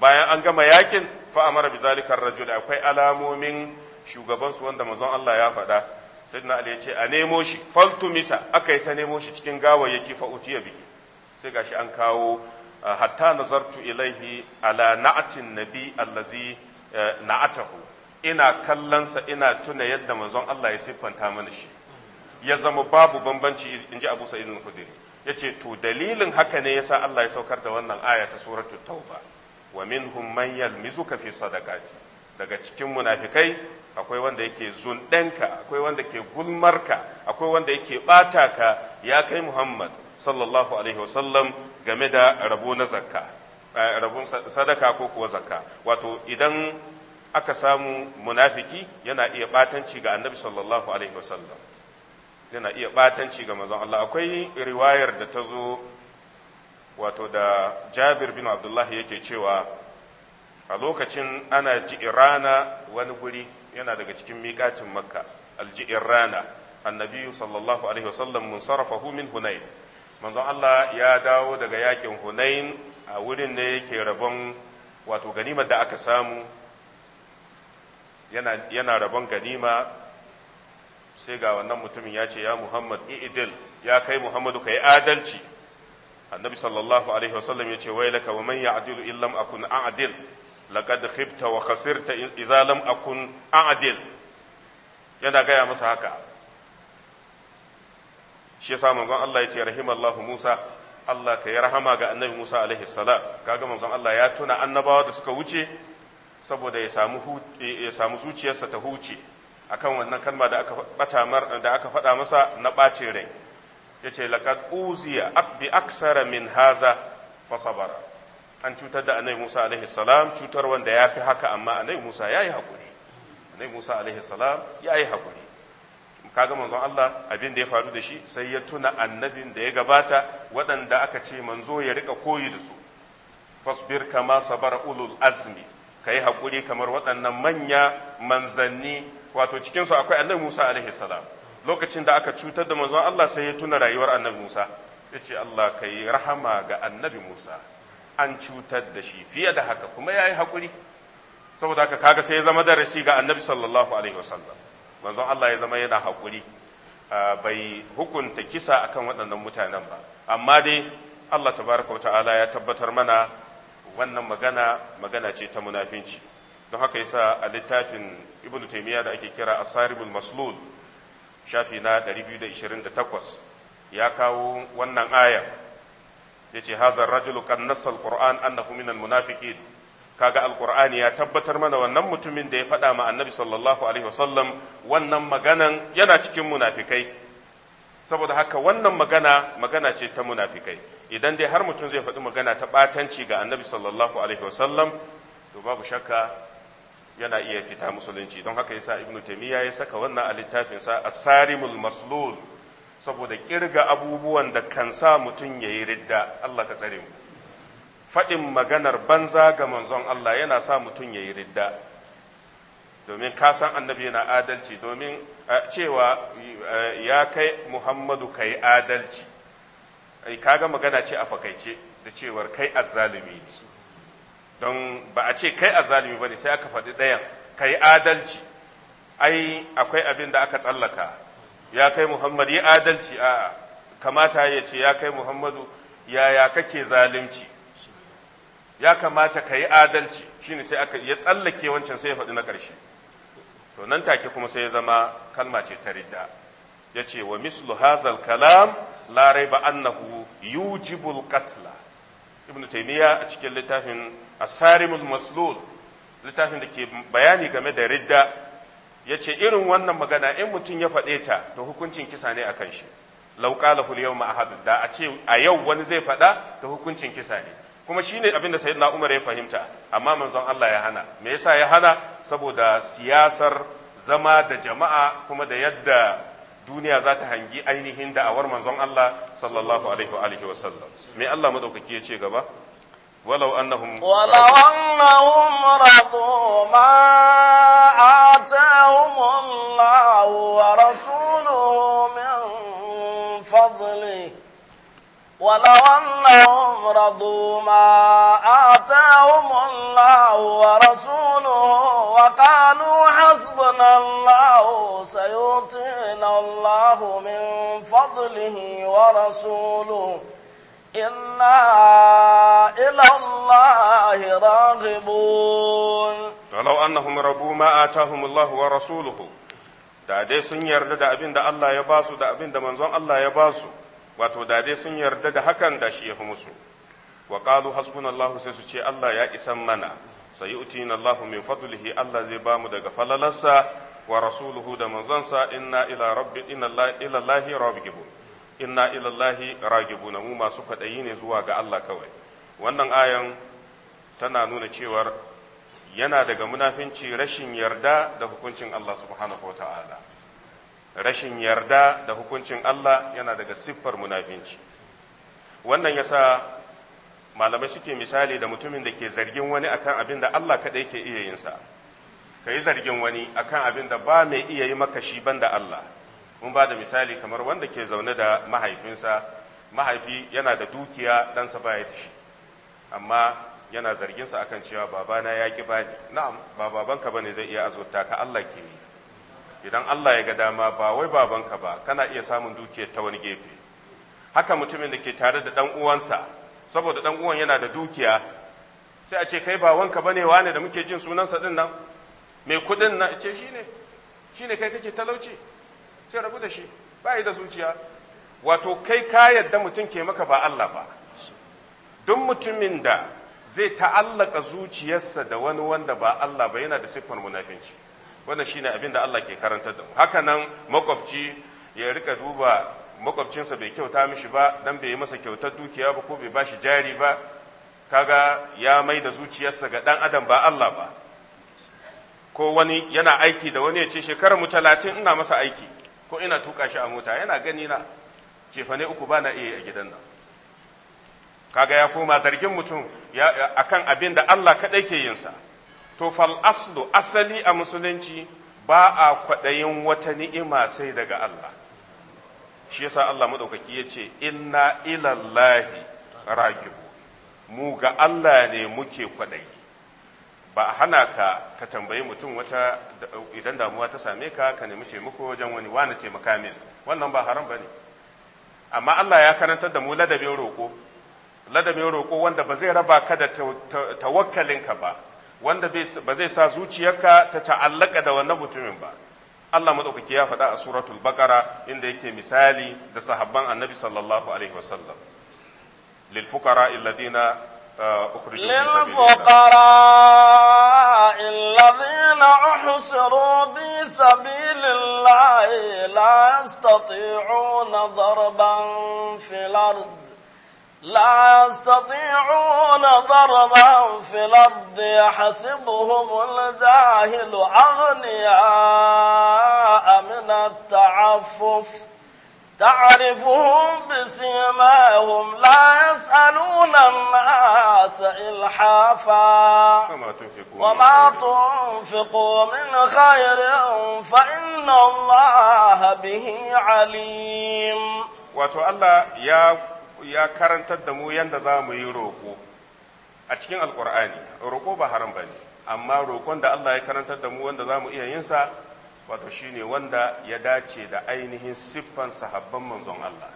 bayan an gama yakin fa amara bi zalika ar-rajul akwai alamomin shugaban su wanda manzon Allah ya faɗa sayyidina ali yace a nemo shi faltumisa aka yi ta nemo shi cikin gawayyaki fa utiya bihi sai gashi an kawo ah, hatta nazartu ilaihi ala na'atin nabi allazi eh, na'atahu ina kallonsa ina tuna yadda manzon Allah ya siffanta mana shi ya zama babu bambanci inji Abu Sa'id al-Khudri yace to dalilin haka ne yasa Allah ya saukar da wannan aya ta suratul Tauba wa minhum man yalmizuka fi sadaqati daga cikin munafikai akwai wanda yake zundanka akwai wanda ke gulmarka akwai wanda yake bata ka ya kai Muhammad sallallahu alaihi wasallam game da rabo na zakka eh, rabon sadaka ko kuwa zakka wato idan aka samu munafiki yana iya batanci ga annabi sallallahu alaihi wasallam yana iya batanci ga manzon Allah akwai riwayar da ta zo wato da Jabir bin Abdullah yake cewa a lokacin ana ji'irana wani guri yana daga cikin miƙacin Makka aljiirana annabi sallallahu alaihi wasallam mun sarrafahu min hunain manzon Allah ya dawo daga yakin Hunain a wurin ne yake rabon wato ganimar da aka samu yana, yana rabon ganima sai ga wannan mutumin ya ce ya Muhammad i'dil ya kai Muhammadu ka yi adalci annabi sallallahu alaihi wasallam ya ce wai laka wa man ya'dilu illam akun a'dil laqad khibta wa khasirta idza lam akun a'dil yana gaya masa haka shi yasa manzon Allah ya ce rahimallahu Musa Allah ka yi rahama ga annabi Musa alaihi salam kaga manzon Allah ya tuna annabawa da suka wuce saboda ya samu ya samu zuciyarsa ta huce akan wannan kalma da aka bata mar da aka faɗa masa na ɓacin rai yace laqad uziya bi aksara min haza fa sabara an cutar da annabi Musa alaihi salam cutar wanda ya fi haka amma annabi Musa ya yi hakuri annabi Musa alaihi salam ya yi hakuri kaga manzon Allah abin da ya faru da shi sai ya tuna annabin da ya gabata waɗanda aka ce manzo ya rika koyi da su fasbir kama sabara ulul azmi yi hakuri kamar waɗannan manya manzanni wato cikinsu akwai annabi Musa alaihi salam lokacin da aka cutar da manzon Allah sai ya tuna rayuwar annabi Musa yace Allah kai rahama ga annabi Musa an cutar da shi fiye da haka kuma yayi hakuri saboda haka kaga sai ya zama darasi ga annabi sallallahu alaihi wasallam manzon Allah ya zama yana haƙuri bai hukunta kisa akan waɗannan mutanen ba amma dai Allah tabaraka wa ta'ala ya tabbatar mana wannan magana magana ce ta munafinci don haka yasa a littafin ibnu taymiya da ake kira asaribul maslul shafi na 228 ya kawo wannan aya yace hazar rajulu kan nassal qur'an annahu minal munafiqin kaga alkur'ani ya tabbatar mana wannan mutumin da ya faɗa ma annabi sallallahu alaihi wasallam wannan maganan yana cikin munafikai saboda haka wannan magana magana ce ta munafikai idan dai har mutum zai faɗi magana ta ɓatanci ga annabi sallallahu alaihi wasallam to babu shakka yana iya fita musulunci don haka yasa ibnu taymiya ya saka wannan a littafin sa asarimul maslul saboda kirga abubuwan da kan sa mutum yayi ridda Allah ka tsare mu faɗin maganar banza ga manzon Allah yana sa mutum ya yi ridda domin ka san annabi yana adalci domin cewa ya kai muhammadu ka yi adalci kaga magana ce a fakaice da cewar kai azzalumi ne don ba a ce kai azzalumi ba ne sai aka faɗi ɗayan ka yi adalci ai akwai abin da aka tsallaka ya kai muhammadu yi adalci a kamata ya ce ya kai muhammadu yaya kake zalunci ya kamata ka yi adalci shine sai aka ya tsallake wancan sai ya faɗi na ƙarshe to nan take kuma sai ya zama kalma ce ta ridda ya ce wa mislu hazal kalam Larai ba annahu yujibul katla. ibn taymiya a cikin littafin asarimul maslul littafin da ke bayani game da ridda ya ce irin wannan magana in mutum ya faɗe ta to hukuncin kisa ne a kan shi lauƙala yau da a ce a yau wani zai faɗa ta hukuncin kisa ne kuma shine abin da sayyidina Umar ya fahimta amma manzon Allah ya hana me yasa ya hana saboda siyasar zama da jama'a kuma da yadda duniya za ta hangi ainihin da'awar manzon Allah sallallahu alaihi wa alihi wa sallam me Allah madaukaki ya ce gaba ولو أنهم ولو أنهم رضوا ما آتاهم الله ورسوله من فضله ولو أنهم رضوا ما آتاهم الله ورسوله وقالوا حسبنا الله سيؤتينا الله من فضله ورسوله إنا إلى الله راغبون ولو أنهم رضوا ما آتاهم الله ورسوله da dai sun yarda da abin da Allah ya basu da abin da manzon Allah ya basu wato da dai sun yarda da hakan da shi ya fi musu wa qalu hasbunallahu sai su ce Allah ya isan mana utina Allahu min fadlihi Allah zai bamu daga falalarsa wa rasuluhu da manzonsa inna ila rabbi inna ila Allahi inna ila Allahi mu masu kwadayi ne zuwa ga Allah kawai wannan ayan tana nuna cewar yana daga munafinci rashin yarda da hukuncin Allah subhanahu wa ta'ala rashin yarda da hukuncin Allah yana daga siffar munafinci wannan yasa malamai suke misali da mutumin da ke zargin wani akan abin da Allah kaɗai ke iya yinsa ka yi zargin wani akan abin da ba mai iya yi maka shi banda Allah mun ba da misali kamar wanda ke zaune da mahaifinsa mahaifi yana da dukiya ɗansa baya da shi amma yana zarginsa akan cewa babana ya ƙi bani na'am ba babanka bane zai iya azurta ka Allah ke yi idan Allah ya ga dama ba wai babanka ba kana iya samun dukiyar ta wani gefe haka mutumin da ke tare da dan uwansa saboda dan uwan yana da dukiya sai a ce kai ba wanka bane wane da muke jin sunansa din nan mai kudin na ce shine shine kai kake talauci sai rabu da shi ba yi da zuciya wato kai ka yadda mutum ke maka ba Allah ba duk mutumin da zai ta'allaka zuciyarsa da wani wanda ba Allah ba yana da siffar munafinci wannan shine abin da Allah ke karantar da mu haka nan makwabci ya rika duba makwabcinsa bai kyauta mishi ba dan bai yi masa kyautar dukiya ba ko bai bashi jari ba kaga ya mai da zuciyarsa ga dan adam ba Allah ba ko wani yana aiki da wani ya ce shekarar mu talatin ina masa aiki ko ina tuka shi a mota yana gani na cefane uku ba na iya a gidan nan kaga ya koma zargin mutum akan abin da Allah kaɗai ke yinsa to fal aslu asali a musulunci ba a kwaɗayin wata ni'ima sai daga Allah shi yasa Allah maɗaukaki ya ce inna ilallahi ragibu mu ga Allah ne muke kwaɗayi ba a hana ka ka tambayi mutum wata idan damuwa ta same ka ka nemi taimako wajen wani wani taimaka min wannan ba haram ba ne amma Allah ya karantar da mu ladabin roƙo ladabin roƙo wanda ba zai raba ka da tawakkalinka ba wanda ba zai sa zuciyarka ta ta'allaka da wannan mutumin ba Allah madaukaki ya faɗa a suratul baqara inda yake misali da sahabban annabi sallallahu alaihi wasallam lil fuqara alladhina uh, lil fuqara alladhina uhsiru bi sabilillahi la yastati'una darban fil لا يستطيعون ضربا في الأرض يحسبهم الجاهل أغنياء من التعفف تعرفهم بسيماهم لا يسألون الناس إلحافا وما تنفقوا, وما تنفقوا من خير فإن الله به عليم وتو الله يا ya karantar da mu yadda za mu yi roƙo a cikin alƙur'ani roƙo ba haram ba ne amma roƙon da Allah ya karantar da mu wanda za mu iya yin sa wato shine wanda ya dace da ainihin siffan sahabban manzon Allah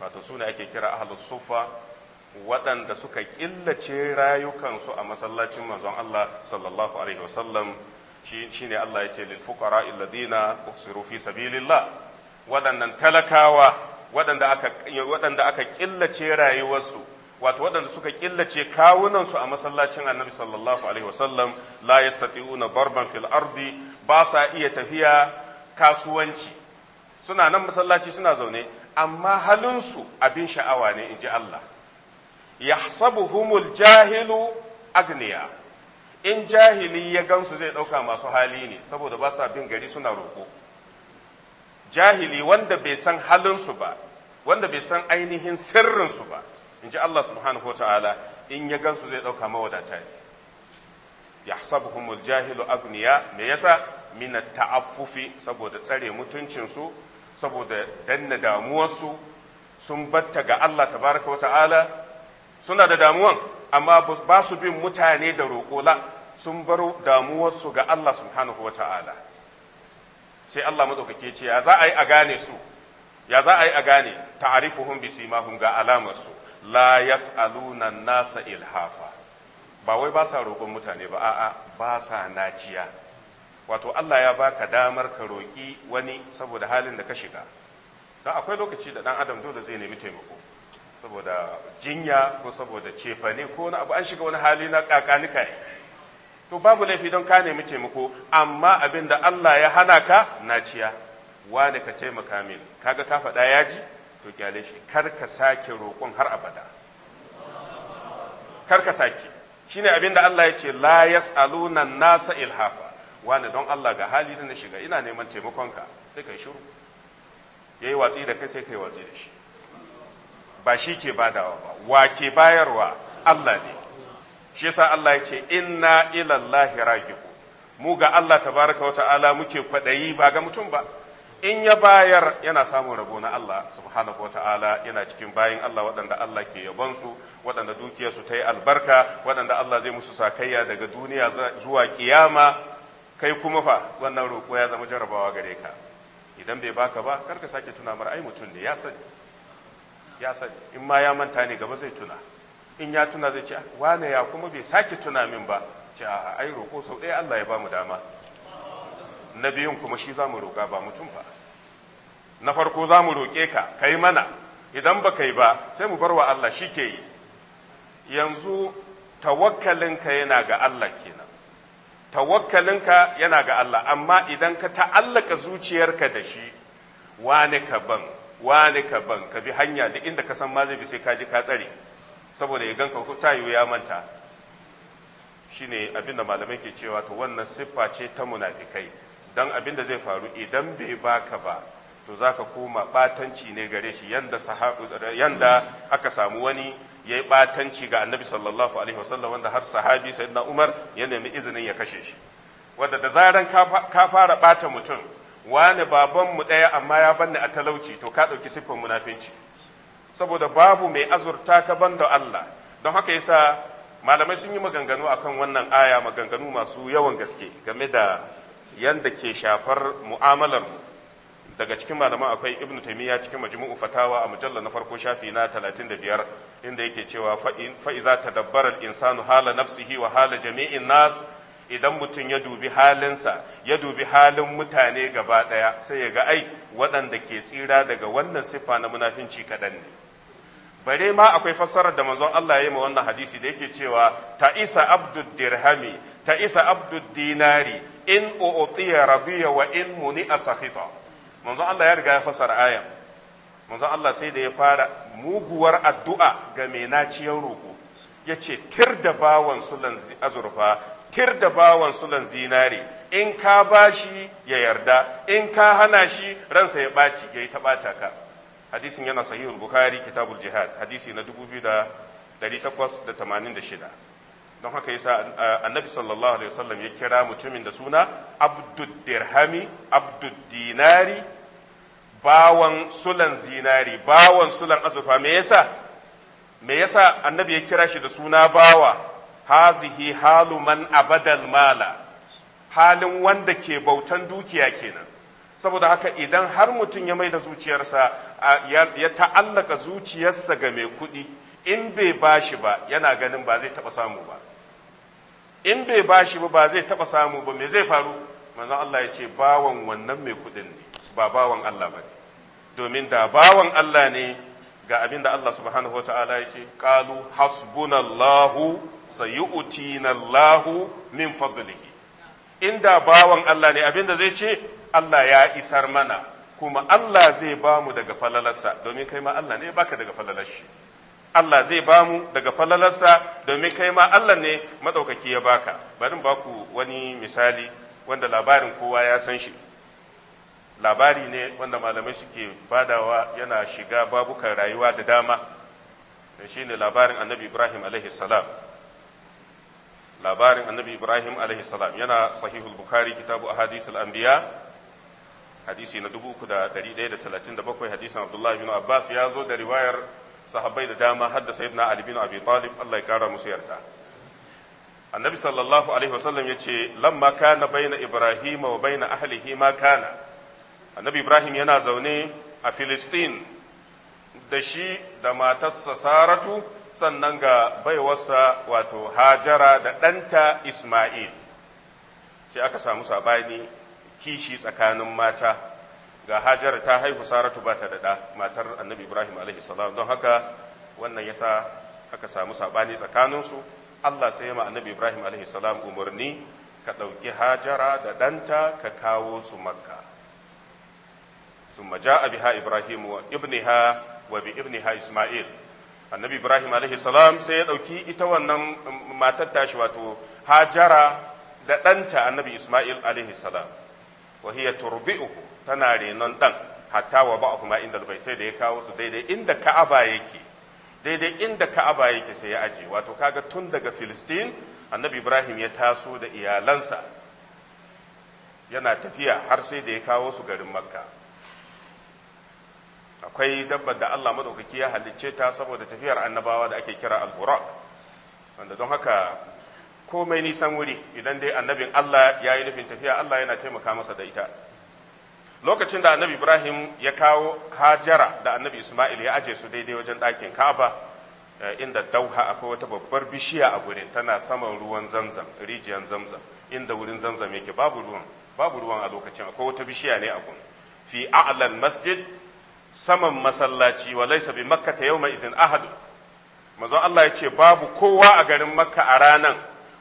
wato su ne ake kira ahlus sufa waɗanda suka killace rayukansu a masallacin manzon Allah sallallahu alaihi wasallam shine Allah ya ce lil fuqara alladhina ukhsiru fi sabilillah waɗannan talakawa waɗanda aka waɗanda aka killace rayuwarsu wato waɗanda suka killace kawunansu a masallacin annabi sallallahu alaihi wasallam la yastati'una barban fil ardi ba sa iya tafiya kasuwanci suna nan masallaci suna zaune amma halinsu abin sha'awa ne inji Allah yahsabuhumul jahilu agniya in jahili ya gansu zai ɗauka masu hali ne saboda ba sa bin gari suna roko. jahili wanda bai san halinsu ba wanda bai san ainihin sirrinsu ba in ji Allah subhanahu wa ta'ala in ya gansu zai ɗauka mawadata ne ya sabuhumul jahilu agniya me yasa min ta'affufi saboda tsare mutuncinsu saboda danna damuwarsu sun batta ga Allah tabaraka wa ta'ala suna da damuwan amma ba su bin mutane da roƙo la sun bar damuwarsu ga Allah subhanahu wa ta'ala sai Allah madaukake ce ya za a yi a gane su ya za a yi a gane ta'arifuhum bi simahum ga alamar su la yas'aluna nasa ilhafa ba wai ba sa roƙon mutane ba a'a ba sa naciya wato Allah ya baka damar ka roƙi wani saboda halin da ka shiga don akwai lokaci da ɗan adam dole zai nemi taimako saboda jinya ko saboda cefane ko wani abu an shiga wani hali na ƙaƙanika to babu laifi don ka nemi taimako amma abin da Allah ya hana ka naciya wane ka taimaka min kaga ka faɗa yaji ji to kyale shi kar ka sake roƙon har abada kar ka sake shine abin da Allah ya ce la yas'aluna nasa ilhafa wane don Allah ga hali da na shiga ina neman taimakonka sai kai shiru yayi watsi da kai sai kai watsi da shi ba shi ke badawa ba wa ke bayarwa Allah ne shi yasa Allah ya ce inna ilallahi Allahi raji'u mu ga Allah tabaraka wa ta'ala muke kwadayi ba ga mutum ba in ya bayar yana samun rabo na Allah subhanahu wa ta'ala yana cikin bayin Allah waɗanda Allah ke yabon su waɗanda dukiyarsu ta yi albarka waɗanda Allah zai musu sakayya daga duniya zuwa kiyama kai kuma fa wannan roƙo ya zama jarabawa gare ka idan bai baka ba karka sake tuna mara ai mutum ne ya sani ya sani in ma ya manta ne gaba zai tuna in ya tuna zai ce wane ya kuma bai sake tuna min ba ce a ai roƙo sau ɗaya Allah ya bamu dama na biyun kuma shi za mu roƙa ba mutum ba na farko za mu roƙe ka ka yi mana idan ba ka yi ba sai mu bar wa Allah shi ke yi yanzu tawakkalinka yana ga Allah kenan tawakkalinka yana ga Allah amma idan ka ta'allaka zuciyarka da shi wani ka ban wani ka ban ka bi hanya da inda ka san ma zai bi sai ka ji ka tsare saboda ya ganka ko tayu ya manta shine abin da malamai ke cewa to wannan siffa ce ta munafikai dan abin da zai faru idan bai baka ba to zaka koma batanci ne gare shi yanda sahabu aka samu wani ya yi batanci ga annabi sallallahu alaihi wasallam wanda har sahabi sayyidina umar ya nemi izinin ya kashe shi wanda da zaran ka fara bata mutum wani babanmu ɗaya amma ya banni a talauci to ka ɗauki siffar munafinci saboda babu mai azurta ka ban da Allah don haka yasa malamai sun yi maganganu akan wannan aya maganganu masu yawan gaske game da yanda ke shafar mu'amalar daga cikin malaman akwai ibnu taymiya cikin majmu'u fatawa a mujalla na farko shafi na 35 inda yake cewa fa iza tadabbara al-insanu hala nafsihi wa hala jami'in nas idan mutum ya dubi halinsa ya dubi halin mutane gaba ɗaya sai ya ga ai waɗanda ke tsira daga wannan siffa na munafinci kaɗan ne bare ma akwai fassarar da manzon Allah ya yi ma wannan hadisi da yake cewa ta isa abdud dirhami isa abdud dinari in u'tiya radiya wa in muni asahita manzon Allah ya riga ya fassara ayan manzon Allah sai da ya fara muguwar addu'a ga mai naciyar roko yace tir da bawan sulan azurfa tir da bawan sulan zinari in ka bashi ya yarda in ka hana shi ransa ya ɓaci yayi ta ɓata ka hadisin yana sahihul bukhari kitabul jihad hadisi na 2886 don haka yasa annabi sallallahu alaihi wasallam ya kira mutumin da suna abdud dirhami abdud dinari bawan sulan zinari bawan sulan azurfa me yasa me yasa annabi ya kira shi da suna bawa hazihi halu man abadal mala halin wanda ke bautan dukiya kenan saboda haka idan har mutum ya mai da zuciyarsa ya ta'allaka zuciyarsa ga mai kuɗi in bai bashi ba yana ganin ba zai taɓa samu ba in bai bashi ba ba zai taɓa samu ba me zai faru manzon Allah ya ce bawan wannan mai kuɗin ne ba bawan Allah ba ne domin da bawan Allah ne ga abin da Allah subhanahu wa ta'ala ya ce ƙalu hasbunallahu sayu'tinallahu min fadlihi inda bawan Allah ne abin da zai ce Allah ya isar mana kuma Allah zai ba mu daga falalarsa domin kai ma Allah ne baka daga falalar Allah zai ba mu daga falalarsa domin kai ma Allah ne maɗaukaki ya baka bari baku wani misali wanda labarin kowa ya san shi labari ne wanda malamai suke badawa yana shiga babukan rayuwa da dama shi ne labarin annabi ibrahim salam labarin annabi ibrahim salam yana sahihul bukhari kitabu ahadithul anbiya hadisi na 3137 hadisin abdullahi bin abbas ya zo da riwayar sahabbai da dama har da na ali bin abi talib Allah ya kara musu yarda annabi sallallahu alaihi wasallam ya ce lamma kana baina ibrahima wa baina ahlihi ma kana annabi ibrahim yana zaune a filistin da shi da matarsa saratu sannan ga baiwarsa wato hajara da ɗanta isma'il sai aka samu sabani kishi tsakanin mata ga hajar ta haihu saratu ba ta daɗa, matar annabi ibrahim alaihi salam don haka wannan yasa aka samu saɓani tsakaninsu allah sai ma annabi ibrahim alaihi salam umarni ka ɗauki hajara da ɗanta ka kawo su makka sun maja a biha ibrahim wa ibniha wa bi ibniha isma'il annabi ibrahim alaihi salam sai ya ɗauki ita wannan um, matar tashi wato hajara da ɗanta annabi isma'il alaihi salam wa hiya tana renon ɗan Hattaba wa ba'ahu ma inda sai da ya kawo su daidai inda ka'aba yake daidai inda ka'aba yake sai ya aje wato kaga tun daga filistin annabi ibrahim ya taso da iyalansa yana tafiya har sai da ya kawo su garin makka akwai dabbar da allah maɗaukaki ya halicce ta saboda tafiyar annabawa da ake kira Alburok wanda don haka komai nisan wuri idan dai annabin Allah ya yi nufin tafiya Allah yana taimaka masa da ita lokacin da annabi Ibrahim ya kawo hajara da annabi Ismail ya aje su daidai wajen ɗakin Ka'aba eh, inda dauha akwai wata babbar bishiya a gurin tana saman ruwan zamzam rijiyar zamzam inda wurin zamzam yake babu ruwan babu ruwan a lokacin akwai wata bishiya ne a gun fi a'lan masjid saman masallaci wa laysa bi makkata yawma izin ahad manzon Allah ya ce babu kowa a garin makka a ranan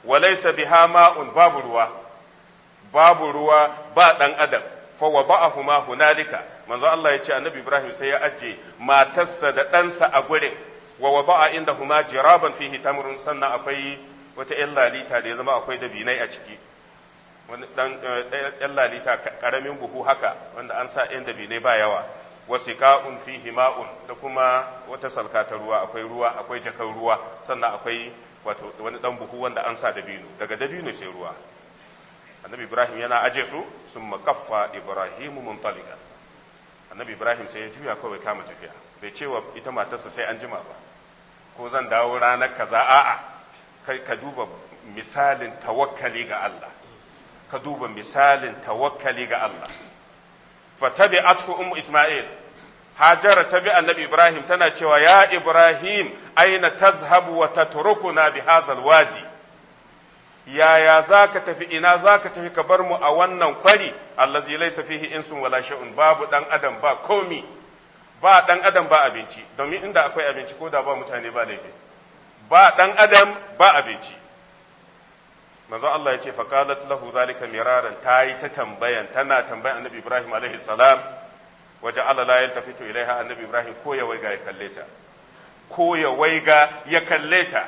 walaysa biha ma'un babu ruwa babu ruwa ba dan adam fa ma hunalika manzo Allah ya ce annabi Ibrahim sai ya aje matarsa da ɗansa a gurin wa wada'a indahuma jiraban fihi tamrun sannan akwai wata yan lalita da ya zama akwai dabinai a ciki wani dan yan eh, lalita karamin buhu haka wanda an sa yan dabinai ba yawa wasiqa'un fihi ma'un da kuma wata salkata ruwa akwai ruwa akwai jakan ruwa sannan akwai wato wani dan buhu wanda an sa dabino daga dabino sai ruwa annabi ibrahim yana aje su sun makaffa ibrahimu muntalika annabi ibrahim sai ya juya kawai kama tafiya bai cewa ita matarsa sai an jima ba ko zan dawo ranar kaza a'a kai ka duba misalin tawakkali ga Allah ka duba misalin tawakkali ga Allah fatabi'athu ummu isma'il hajara tabi annabi ibrahim tana cewa ya ibrahim aina tazhabu wa tatrukuna bi hazal wadi yaya zaka tafi ina zaka tafi ka bar mu a wannan kwari allazi laysa fihi insun wala sha'un babu dan adam ba komi ba dan adam ba abinci domin inda akwai abinci ko da ba mutane ba laifi ba dan adam ba abinci manzo Allah ya ce faqalat lahu zalika miraran tayi ta tambayan tana tambayan annabi Ibrahim alaihi salam waje Allah la yaltafitu ilaiha annabi Ibrahim ko ya ga ya kalle ta ko ya waiga ya kalle ta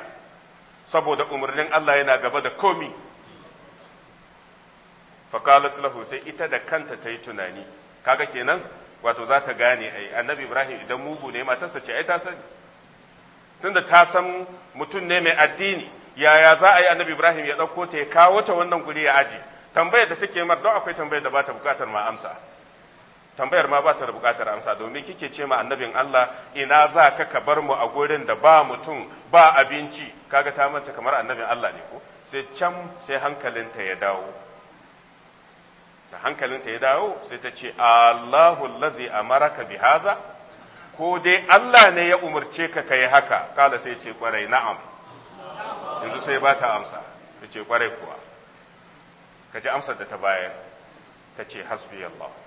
saboda umarnin Allah yana gaba da komi faqalat lahu sai ita da kanta ta yi tunani kaga kenan wato za ta gane ai annabi ibrahim idan mugu ne matarsa ce ai ta sani tunda ta san mutum ne mai addini yaya za a yi annabi ibrahim ya ɗauko ta ya kawo ta wannan guri ya aji tambayar da take mar don akwai tambayar da ba ta bukatar ma amsa tambayar ma ba ta da bukatar amsa domin kike ce ma annabin Allah ina za ka ka bar mu a gurin da ba mutum ba abinci kaga ta manta kamar annabin Allah ne ko sai can sai hankalinta ya dawo da hankalinta ya dawo sai ta ce Allahu allazi amaraka bi haza ko dai Allah ne ya umarce ka kai haka kala sai ce kwarai na'am yanzu sai ba ta amsa ta ce kwarai kuwa ka ji amsar da ta bayar ta ce hasbi Allah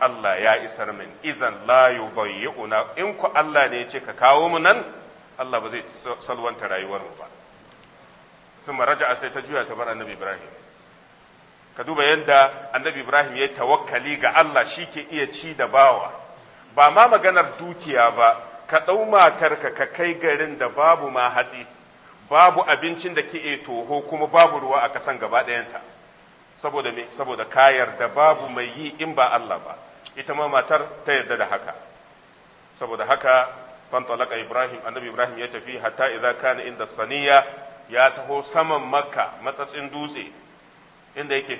Allah ya isar min izan la yudayyi'una in ku Allah ne ya ce ka kawo mu nan Allah ba zai salwanta rayuwar mu ba sun raja'a sai ta juya ta bar annabi Ibrahim ka duba yadda annabi Ibrahim ya tawakkali ga Allah shi ke iya ci da bawa ba ma maganar dukiya ba ka ɗau matarka ka kai garin da babu ma hatsi babu abincin da ke toho kuma babu ruwa a kasan gaba ɗayanta saboda me saboda kayar da babu mai yi in ba Allah ba ita ma matar ta yarda da haka saboda haka fantalaka ibrahim annabi ibrahim ya tafi hatta idza kana inda saniya ya taho saman makka matsatsin dutse inda yake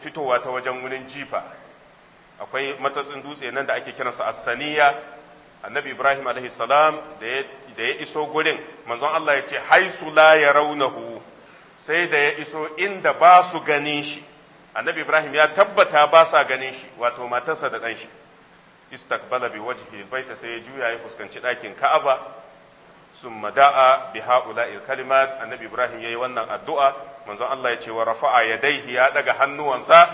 fitowa ta wajen wurin jifa akwai matsatsin dutse nan da ake kiransa as-saniya annabi ibrahim alaihi salam da ya iso gurin manzon Allah ya ce haisu la yarawnahu sai da ya iso inda ba su ganin shi annabi ibrahim ya tabbata ba sa ganin shi wato matarsa da ɗan shi istakbala bi wajhi baita sai ya juya ya fuskanci ɗakin ka'aba summa da'a bi ha'ula'il kalimat annabi ibrahim ya yi wannan addu'a manzon Allah ya ce wa rafa'a daihi ya ɗaga hannuwansa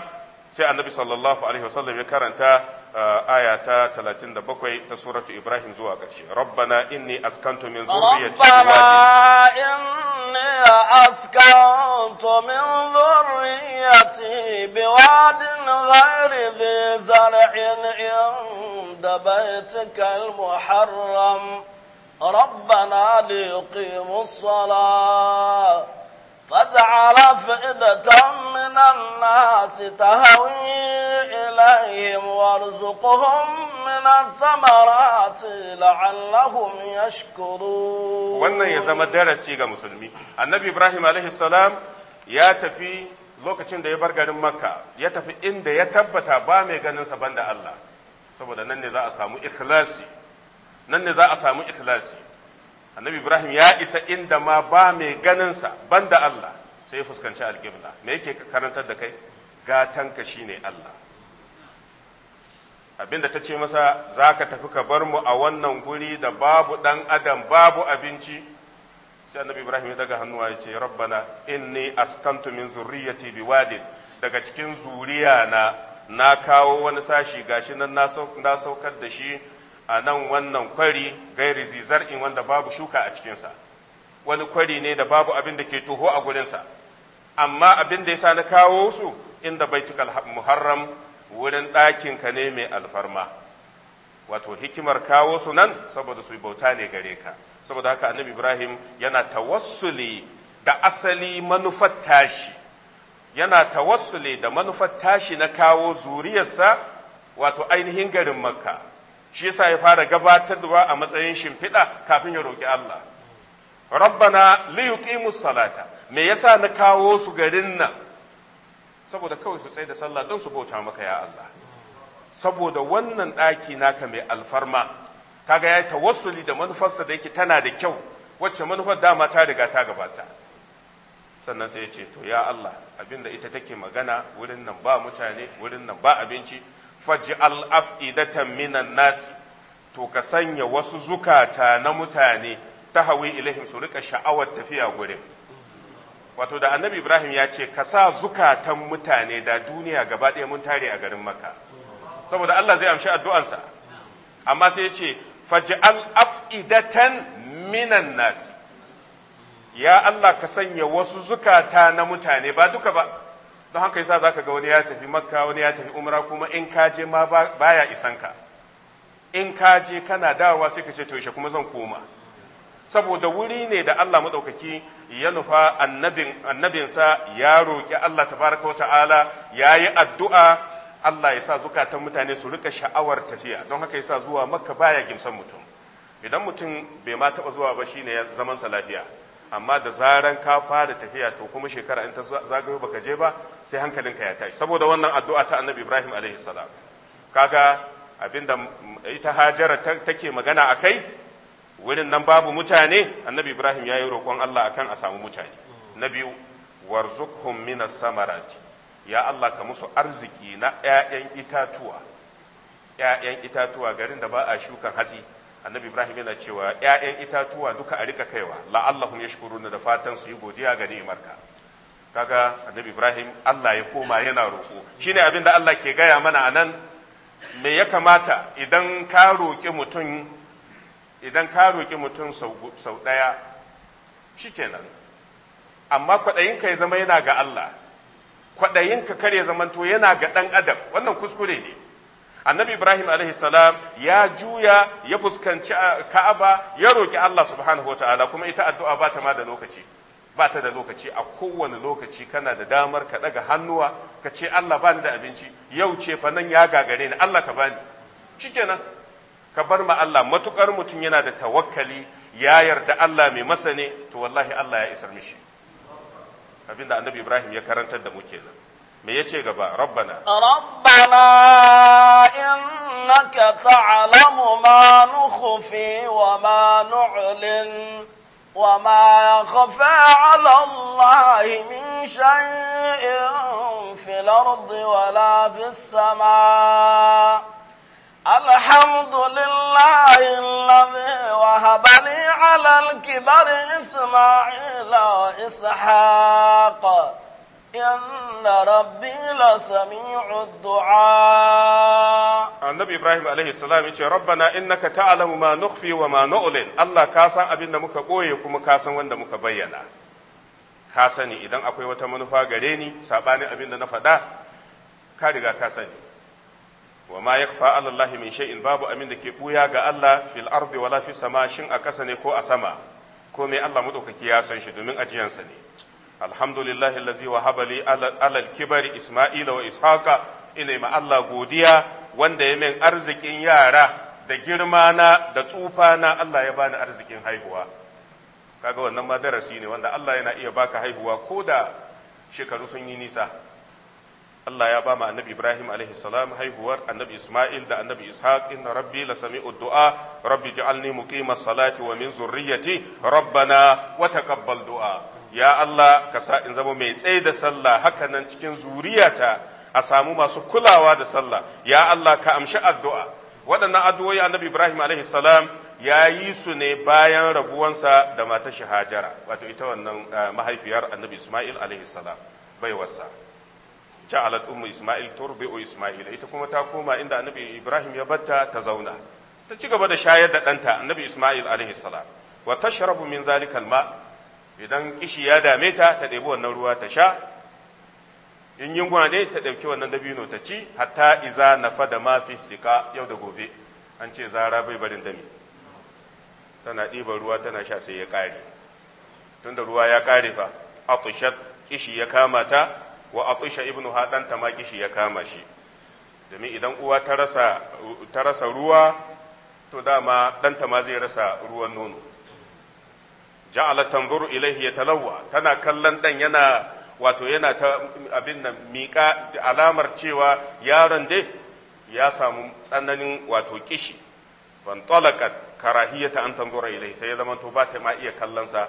sai annabi sallallahu alaihi wasallam ya karanta uh, aya ta 37 ta suratu ibrahim zuwa ƙarshe rabbana inni askantu min zurriyyati rabbana inni askantu min zurriyyati biwadin ghairi dhi zar'in inda baytikal muharram ربنا ليقيموا الصلاه فاجعل فئدة من الناس تهوي إليهم وارزقهم من الثمرات لعلهم يشكرون wannan ya zama darasi ga musulmi annabi ibrahim alaihi salam ya tafi lokacin da ya bar garin makka ya tafi inda ya tabbata ba mai ganin sa banda Allah saboda nan ne za a samu ikhlasi nan ne za a samu ikhlasi annabi ibrahim ya isa inda ma ba mai ganinsa banda allah sai ya fuskanci alƙibla me yake karantar da kai gatan ka shine allah abinda ta ce masa za ka tafi ka bar mu a wannan guri da babu ɗan adam babu abinci sai annabi ibrahim ya daga hannuwa ya ce rabbana inni askantu min zurriyati biwadin daga cikin zuriya na na kawo wani sashi gashi nan na saukar da shi a nan wannan kwari gairi zizar'in wanda babu shuka a cikinsa wani kwari ne da babu abin da ke toho a gurinsa amma abin da ya sa na kawo su inda baitukal muharram wurin ɗakin ka ne mai alfarma wato hikimar kawo su nan saboda su bauta ne gare ka saboda haka annabi ibrahim yana tawassuli da asali manufar tashi yana tawassuli da manufar tashi na kawo zuriyarsa wato ainihin garin makka shi yasa ya fara gabatarwa a matsayin shimfiɗa kafin ya roƙi Allah rabbana li yuqimu salata me yasa na kawo su garin nan saboda kawai su tsaye da sallah don su bauta maka ya Allah saboda wannan ɗaki naka mai alfarma kaga ya tawassuli da manufarsa da yake tana da kyau wacce manufar dama ta riga ta gabata sannan sai ya ce to ya Allah abinda ita take magana wurin nan ba mutane wurin nan ba abinci faj'al af'idatan minan nas to ka sanya wasu zukata na mutane ta hawi ilaihim su rika sha'awar tafiya gurin wato da annabi ibrahim ya ce ka sa zukatan mutane da duniya gaba ɗaya mun tare a garin maka. saboda allah zai amshi addu'ansa amma sai ya ce faj'al af'idatan minan nas ya allah ka sanya wasu zukata na mutane ba duka ba don haka yasa zaka ga wani ya tafi makka wani ya tafi umra kuma in ka je ma baya isan ka in ka je kana dawowa sai ka ce to kuma zan koma saboda wuri ne da Allah maɗaukaki ya nufa annabinsa ya roki Allah tabaraka wa ta'ala ya yi addu'a Allah yasa sa zukatan mutane su rika sha'awar tafiya don haka yasa zuwa makka baya gimsan mutum idan mutum bai ma taɓa zuwa ba shine zaman sa lafiya amma da zaran ka fara tafiya to kuma shekara in ta zagayo baka je ba sai hankalinka ya tashi saboda wannan addu'a ta annabi ibrahim alaihi salam kaga abinda ita hajara take magana a kai wurin nan babu mutane annabi ibrahim ya yi roƙon allah akan a samu mutane na biyu warzuqhum minas samarati ya allah ka musu arziki na 'ya'yan itatuwa 'ya'yan itatuwa garin da ba a shukan hatsi annabi ibrahim yana cewa ‘ya'yan itatuwa duka a rika kaiwa ya na da fatan su yi godiya ga ka kaga annabi ibrahim allah ya koma yana roƙo shine abin da allah ke gaya mana a nan me ya kamata idan ka roƙi mutum idan ka roƙi mutum sau ɗaya shikenan amma kwaɗayinka ya zama yana ga allah kwaɗayinka kar ya zamanto yana ga ɗan adam wannan kuskure ne annabi ibrahim alaihi salam ya juya ya fuskanci ah, ka'aba ya roki allah subhanahu wa ta'ala kuma ita addu'a ba ta ma da lokaci ba ta da lokaci a kowane lokaci kana da damar ka daga hannuwa ka ce allah ba ni da abinci yau ce fa nan ya gagare ni allah ka bani shikenan ka bar ma allah matukar mutum yana da tawakkali ya yarda allah mai masa ne to wallahi allah ya isar mishi abinda annabi ibrahim ya karantar da mu kenan me yace gaba rabbana rabbana innaka ta'lamu ma nukhfi wa ma nu'lin wa ma yakhfa 'ala allahi min shay'in fil ardi wa la fis samaa الحمد لله الذي وهب لي على الكبر إسماعيل وإسحاق inna rabbi la sami'u du'a annabi ibrahim alaihi salam yace rabbana innaka ta'lamu ma nukhfi wa ma nu'lin allah ka san abinda muka koye kuma ka san wanda muka bayyana ka idan akwai wata manufa gare ni sabani abinda na faɗa ka riga ka sani wa ma yakhfa min shay'in babu amin da ke buya ga allah fil ardi wala fi sama shin a kasa ne ko a sama komai allah madaukaki ya san shi domin ajiyansa ne alhamdulillahi allazi wahaba li alal kibari isma'ila wa ishaqa ina Allah godiya wanda ya min arzikin yara da girma na da tsufa na Allah ya bani arzikin haihuwa kaga wannan ma darasi ne wanda Allah yana iya baka haihuwa ko da shekaru sun yi nisa Allah ya ba annabi Ibrahim alaihi salam haihuwar annabi Ismail da annabi Ishaq inna rabbi la sami'ud du'a rabbi ja'alni muqimas salati wa min zurriyyati rabbana wa taqabbal du'a ya Allah ka sa in zama mai tsaye da sallah haka nan cikin zuriyata a samu masu kulawa da sallah ya Allah ka amshi addu'a waɗannan addu'o'i annabi Ibrahim alaihi salam ya yi su ne bayan rabuwansa da matar shi Hajara wato ita wannan eh, mahaifiyar annabi Ismail alaihi salam baiwarsa ja'alat ummu Ismail turbi'u Ismail ita kuma ta koma inda annabi Ibrahim ya batta ta zauna ta ci gaba da shayar da ɗanta annabi Ismail alaihi salam wa tashrabu min zalikal ma' idan kishi ya dame ta ta ɗebi wannan ruwa ta sha in yi ne ta ɗauki wannan dabino ta ci hatta iza na fada mafi sika yau da gobe an ce zara bai barin dami tana ɗiban ruwa tana sha sai ya ƙare tunda ruwa ya ƙare fa atushat kishi ya kama ta wa a tushe ibnu haɗanta ma kishi ya kama shi domin idan uwa ta rasa ruwa to dama ɗanta ma zai rasa ruwan nono ja'ala tanzuru ilaihi yatalawwa tana kallon dan yana wato yana ta abin nan miƙa alamar cewa yaron dai ya samu tsananin wato kishi ban talaqat karahiyata an tanzura ilaihi sai ya zama to ba ta ma iya kallon sa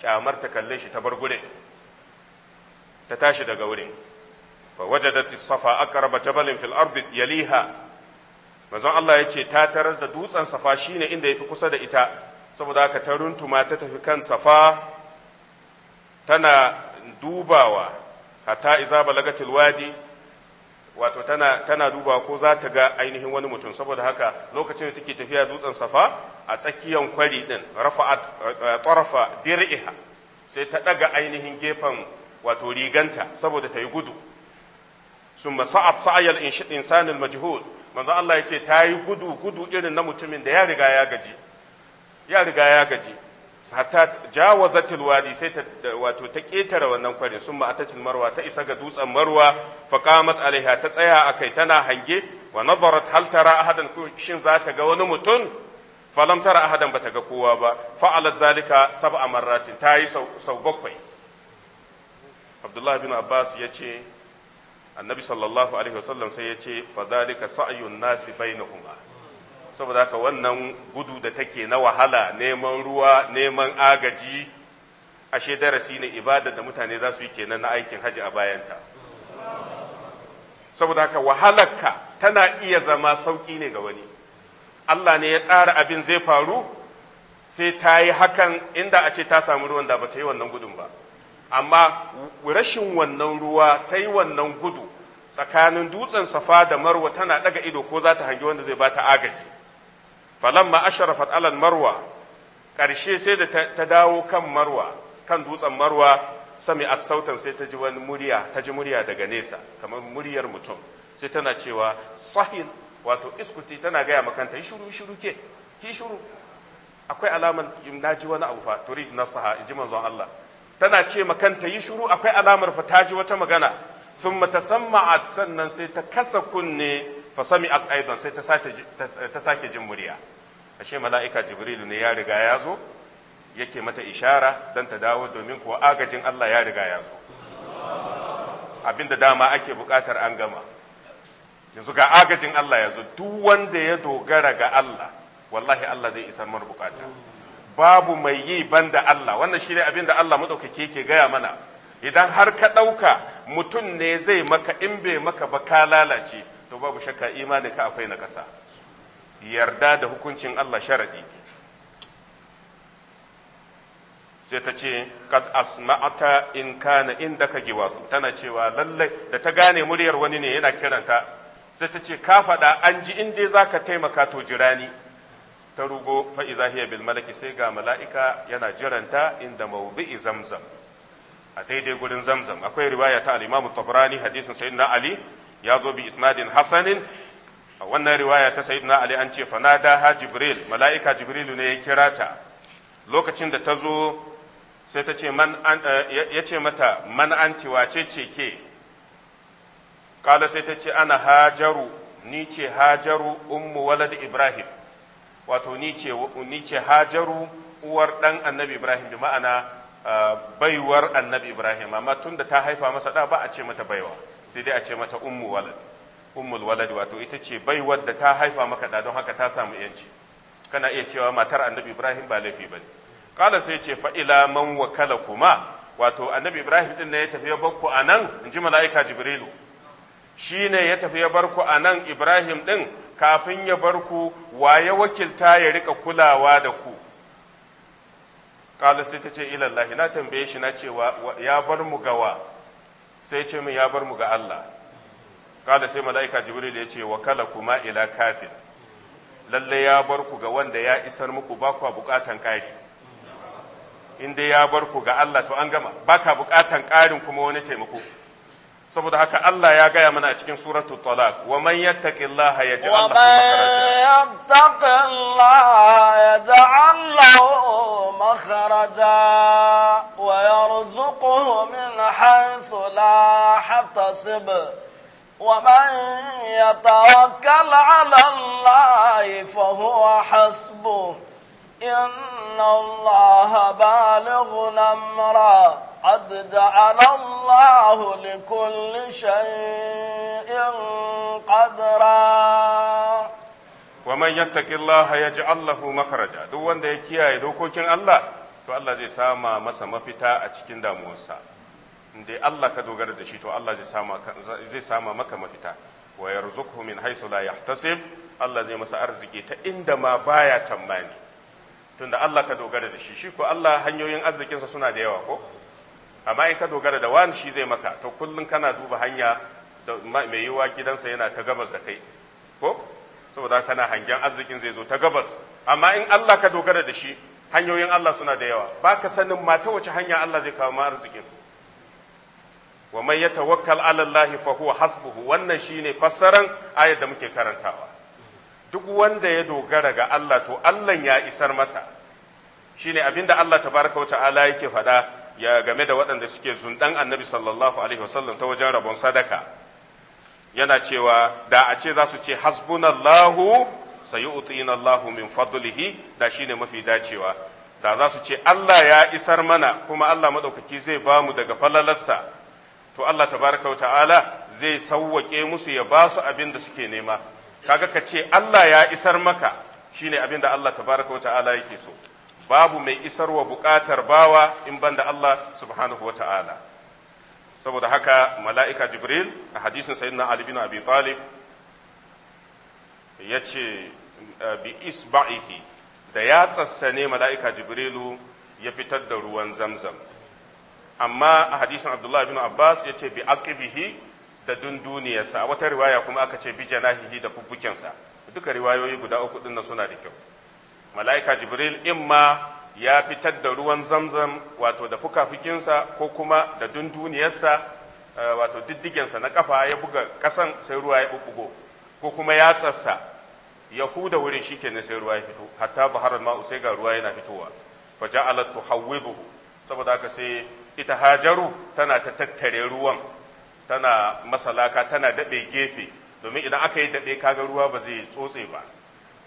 kyamar ta kalle shi ta bar gure ta tashi daga wurin fa wajadat safa aqraba jabalin fil ardi yaliha manzon Allah ya ce ta taras da dutsen safa shine inda yafi kusa da ita saboda haka ta runtuma ta tafi kan safa tana dubawa hatta iza balagatil wadi wato tana tana dubawa ko za ta ga ainihin wani mutum saboda haka lokacin da take tafiya dutsen safa a tsakiyan kwari din rafa eh, tarafa dir'iha sai ta daga ainihin gefen wato riganta saboda ta yi gudu sun sa'at sa'ayal insanil majhul manzo Allah ya ce ta yi gudu gudu irin na mutumin da ya riga ya gaji ya riga ya gaji hatta jawaza wadi sai ta wato ta ketare wannan kwarin sun ma'atatil marwa ta isa ga dutsen marwa fa qamat alaiha ta tsaya kai tana hange wa nazarat hal tara ahadan shin za ta ga wani mutum falam tara ahadan bata ga kowa ba fa'alat zalika sab'a marratin ta yi sau bakwai abdullahi bin abbas ya ce annabi sallallahu alaihi wasallam sai ya ce fa zalika sa'yun nasi bainahuma saboda haka wannan gudu da take na wahala neman ruwa neman agaji ashe darasi ne ibada da mutane za su yi kenan na aikin haji a bayanta saboda haka wahalarka tana iya zama sauƙi ne ga wani Allah ne ya tsara abin zai faru sai ta yi hakan inda a ce ta samu ruwan da ba ta yi wannan gudun ba amma rashin wannan ruwa ta yi wannan gudu tsakanin dutsen safa da marwa tana daga ido ko za ta hangi wanda zai ba ta agaji falamma asharafat alal marwa ƙarshe sai da ta dawo kan marwa kan dutsen marwa sami at sautan sai ta ji wani murya ta ji murya daga nesa kamar muryar mutum sai tana cewa sahil wato iskuti tana gaya makanta yi shuru shuru ke ki shuru akwai alamar na ji wani abu fa turid nafsaha in ji manzon Allah tana ce makanta yi shuru akwai alamar fa ta ji wata magana sun matasamma'at sannan sai ta kasa kunne fasami ak aidan sai ta sake jin murya ashe mala'ika Jibril ne ya riga ya zo yake mata ishara don ta dawo domin kuwa agajin Allah ya riga ya zo abinda dama ake bukatar an gama yanzu ga agajin Allah ya zo duk wanda ya dogara ga Allah wallahi Allah zai isar mana bukata babu mai yi banda Allah wannan shine abin da Allah madaukake ke gaya mana idan har ka ɗauka mutum ne zai maka in bai maka ba ka lalace to babu shakka ka akwai na ƙasa yarda da hukuncin Allah sharadi sai ta ce kad asma'ata in kana indaka giwasu tana cewa lallai da ta gane muryar wani ne yana kiranta sai ta ce ka faɗa an ji in dai zaka taimaka to jirani ta rugo fa hiya bil malaki sai ga mala'ika yana jiranta inda mawdi'i zamzam a daidai gurin zamzam akwai riwaya ta al-Imam Tabrani hadisin sayyidina Ali ya zo bi isnadin hasanin a wannan riwaya ta sayyidina ali an ce fanada ha jibril mala'ika Jibril ne ya kira ta lokacin da ta zo sai ta ce eh, ya ce mata man anti wace ce ke kala sai ta ce ana hajaru ni ce hajaru ummu walad ibrahim wato ni ce hajaru uwar dan annabi ibrahim bi ma'ana eh, baiwar annabi ibrahim amma tunda ta haifa masa da ba a ce mata baiwa sai dai a ce mata ummu walad ummul walad wato ita ce bai wadda ta haifa maka da don haka ta samu yanci kana iya cewa matar annabi ibrahim ba laifi bane kala sai ce fa ila man wakala kuma wato annabi ibrahim din ne ya tafi ya bar anan inji mala'ika jibrilu shine ya tafi ya bar anan ibrahim din kafin ya barku waye wakilta ya rika kulawa da ku kala sai ta ce ilallahi na tambaye shi na cewa ya bar mu gawa sai ce min ya bar mu ga Allah kada sai mala'ika jibril ya ce wa kala kuma ila kafin lalle ya bar ku ga wanda ya isar muku ba kwa bukatan kari in ya bar ku ga Allah to an gama baka bukatan ƙarin kuma wani taimako saboda haka Allah ya gaya mana a cikin suratul talaq wa man yattaqillaha yaj'al lahu makhraja wa yarzuquhu min haythu la yahtasib yatawakkal 'ala على fa huwa hasbuh إن الله بالغ أمرا قد جعل الله لكل شيء قدرا ومن يتق الله يجعل له مخرجا duk wanda ya kiyaye dokokin Allah to Allah zai sama masa mafita a cikin damuwarsa indai Allah ka dogara da shi to Allah zai sama zai sama maka mafita wa yarzuqhu min haythu la yahtasib Allah zai masa arziki ta inda ma baya tambani tunda Allah ka dogara da shi shi ko Allah hanyoyin arzikinsa suna da yawa ko amma in ka dogara da wani shi zai maka to kullum kana duba hanya da mai yiwa gidansa yana ta gabas da kai ko saboda kana hangen arzikin zai zo ta gabas amma in Allah ka dogara da shi hanyoyin Allah suna da yawa ba ka sanin ma ta wace hanya Allah zai kawo ma arzikin wa man yatawakkal ala Allah fa huwa hasbuhu wannan shine fassaran ayar da muke karantawa duk wanda ya dogara ga Allah to Allah ya isar masa shine abinda Allah tabaraka wa ta'ala yake faɗa ya game da waɗanda suke zundan annabi sallallahu alaihi wasallam ta wajen rabon sadaka yana cewa da a ce za su ce hasbunallahu sayu'tina min fadlihi da shine mafi dacewa da za su ce Allah ya isar mana kuma Allah madaukaki zai ba mu daga falalarsa to Allah tabaraka wa ta'ala zai sawwake musu ya ba su abin da suke nema kaga ka ce Allah ya isar maka shine abin da Allah tabaraka wata'ala yake so babu mai isarwa buƙatar bawa in banda Allah subhanahu wata'ala saboda haka mala'ika jibril a hadisin sayyidina ali bin abi talib ya ce bi isba'ihi da ya ne mala'ika jibrilu ya fitar da ruwan zamzam amma a hadisin abdullahi bin abbas ya ce bi aqibihi da dunduniyarsa a wata riwaya kuma aka ce bi janahihi da fuffukensa duka riwayoyi guda uku din suna da kyau mala'ika jibril imma ya fitar da ruwan zamzam wato da fukafukinsa ko kuma da dunduniyarsa eh, wato diddigensa na kafa ya buga kasan sai ruwa ya bubbugo ko kuma ya tsassa ya huda wurin shi sai ruwa ya fito hatta baharar ma'u sai ga ruwa yana fitowa fa ja'alat tuhawwibu saboda haka sai ita hajaru tana ta tattare ruwan tana masalaka tana daɓe gefe domin idan aka yi daɓe kaga ruwa ba zai tsotse ba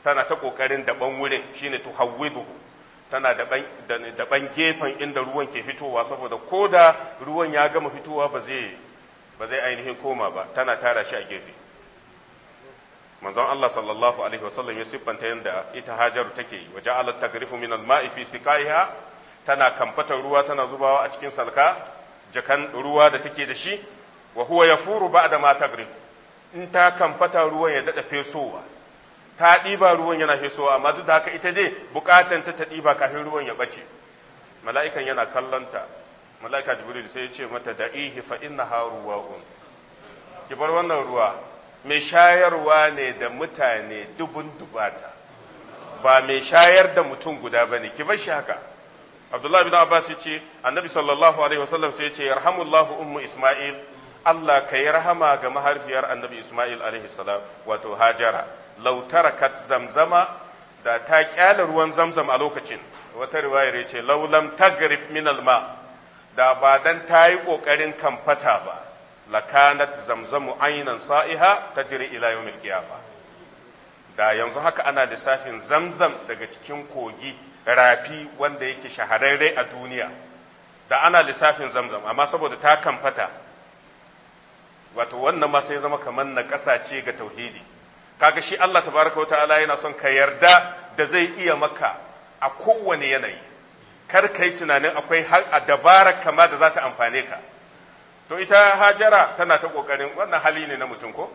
tana ta ƙoƙarin daɓan wurin shine tuhawwiduhu tana daban gefen inda ruwan ke fitowa saboda ko da ruwan ya gama fitowa ba zai ba ainihin koma ba tana tara shi a gefe manzon Allah sallallahu alaihi wasallam ya siffanta yadda ita hajaru take yi waje alat tagrifu min alma'i fi siqaiha tana kamfatar ruwa tana zubawa a cikin salka jakan ruwa da take da shi wa huwa yafuru ba'da ma tagrib in ta kamfata ruwan ya dada fesowa ta ɗiba ruwan yana fesowa amma duk da haka ita dai bukatan ta ta ɗiba kafin ruwan ya bace mala'ikan yana kallanta mala'ika jibril sai ya ce mata da'ihi fa inna ruwa'un ki bar wannan ruwa mai shayarwa ne da mutane dubun dubata ba mai shayar da mutum guda bane ki bar shi haka abdullahi bin abbas ce annabi sallallahu alaihi wasallam sai ya ce yarhamullahu ummu isma'il Allah ka yi rahama ga mahaifiyar annabi Ismail alaihi salam wato Hajara law tarakat zamzama da ta kyale ruwan zamzam a lokacin wata riwayar ce law lam tagrif min alma da ba dan ta yi kokarin kamfata ba lakanat zamzamu aynan sa'iha tajri ila yawmil qiyamah da yanzu haka ana lissafin zamzam daga cikin kogi rafi wanda yake shahararre a duniya da ana lissafin zamzam amma saboda ta kamfata wato wannan ma sai zama kamar na ce ga tauhidi kaga shi Allah tabaraka wa ta'ala yana son ka yarda da zai iya maka a kowane yanayi kar kai tunanin akwai a dabara kama da za ta amfane ka to ita hajara tana ta kokarin wannan hali ne na mutum ko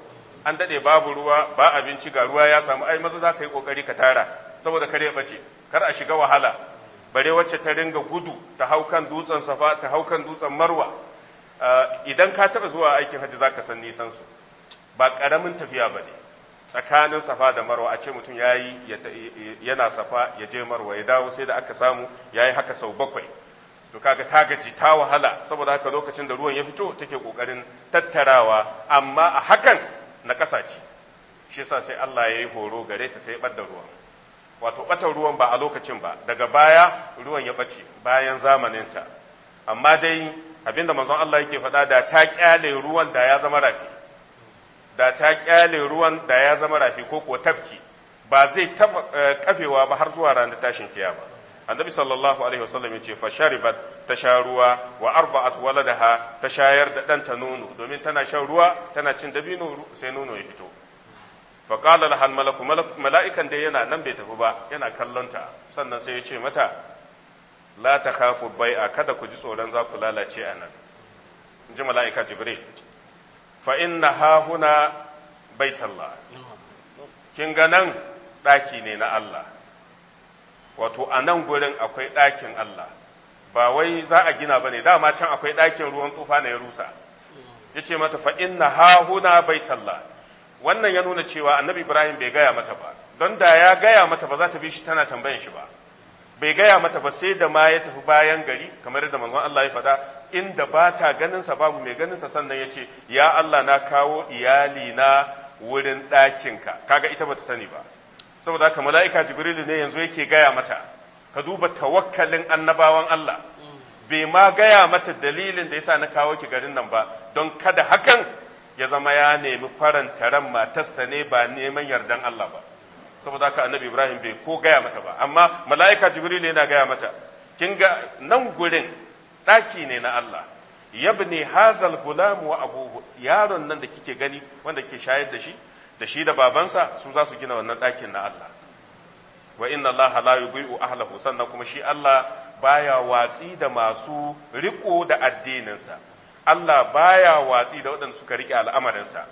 an dade babu ruwa ba abinci ga ruwa ya samu ai maza za ka yi kokari ka tara saboda kare ya bace kar a shiga wahala bare wacce ta ringa gudu ta hau dutsen safa ta hau kan dutsen marwa Eh, idan ka taɓa zuwa aikin hajji za ka san nisan su ba ƙaramin tafiya ba ne tsakanin safa da marwa a ce mutum yayi yi yana safa ya je marwa ya dawo sai da aka samu ya yi haka sau bakwai to kaga ta gaji ta wahala saboda haka lokacin da ruwan ya fito take kokarin tattarawa amma a hakan na ƙasa ce shi yasa sai Allah ya yi horo gare ta sai ya ɓadda ruwan wato ɓatan ruwan ba a lokacin ba daga baya ruwan ya ɓace bayan zamaninta amma dai abinda manzon Allah yake faɗa da ta kyale ruwan da ya zama rafi da ta kyale ruwan da ya zama rafi ko kuwa tafki ba zai kafewa eh, ba har zuwa ranar tashin kiyama annabi sallallahu alaihi wasallam yace fa sharibat ta sha ruwa wa arba'at waladaha ta shayar da ɗanta nono domin tana shan ruwa tana cin dabino sai nono ya fito fa qala laha malaku mala'ikan da yana nan bai tafi ba yana kallonta sannan sai ya ce mata la ta khafu bai'a kada ku ji tsoron za ku lalace a nan in ji mala'ika jibril fa inna huna baitallah kin ga nan ɗaki ne na Allah wato a nan gurin akwai ɗakin Allah ba wai za a gina ba ne dama can akwai ɗakin ruwan tufa na ya rusa ya ce mata fa inna huna baitallah wannan ya nuna cewa annabi ibrahim bai gaya mata ba don da ya gaya mata ba za ta bi shi tana tambayar shi ba bai gaya mata ba sai da ma ya tafi bayan gari kamar da manzon Allah ya faɗa inda ba ta ganin sa babu mai ganin sa sannan ya ce ya Allah na kawo iyali na wurin ɗakinka kaga ita ba ta sani ba saboda haka mala'ika jibrilu ne yanzu yake gaya mata ka duba tawakkalin annabawan Allah bai ma gaya mata dalilin da yasa na kawo ki garin nan ba don kada hakan ya zama ya nemi faranta ran matarsa ne ba neman yardan Allah ba saboda haka annabi ibrahim bai ko gaya mata ba amma mala'ika jibril yana gaya mata kin ga nan gurin ɗaki ne na allah yabni hazal gulam wa abuhu yaron nan da kike gani wanda ke shayar da shi da shi da babansa su za su gina wannan ɗakin na allah wa inna allaha la yudhi'u ahlahu sannan kuma shi allah baya watsi da masu riko da addininsa allah baya watsi da waɗanda suka rike al'amarinsa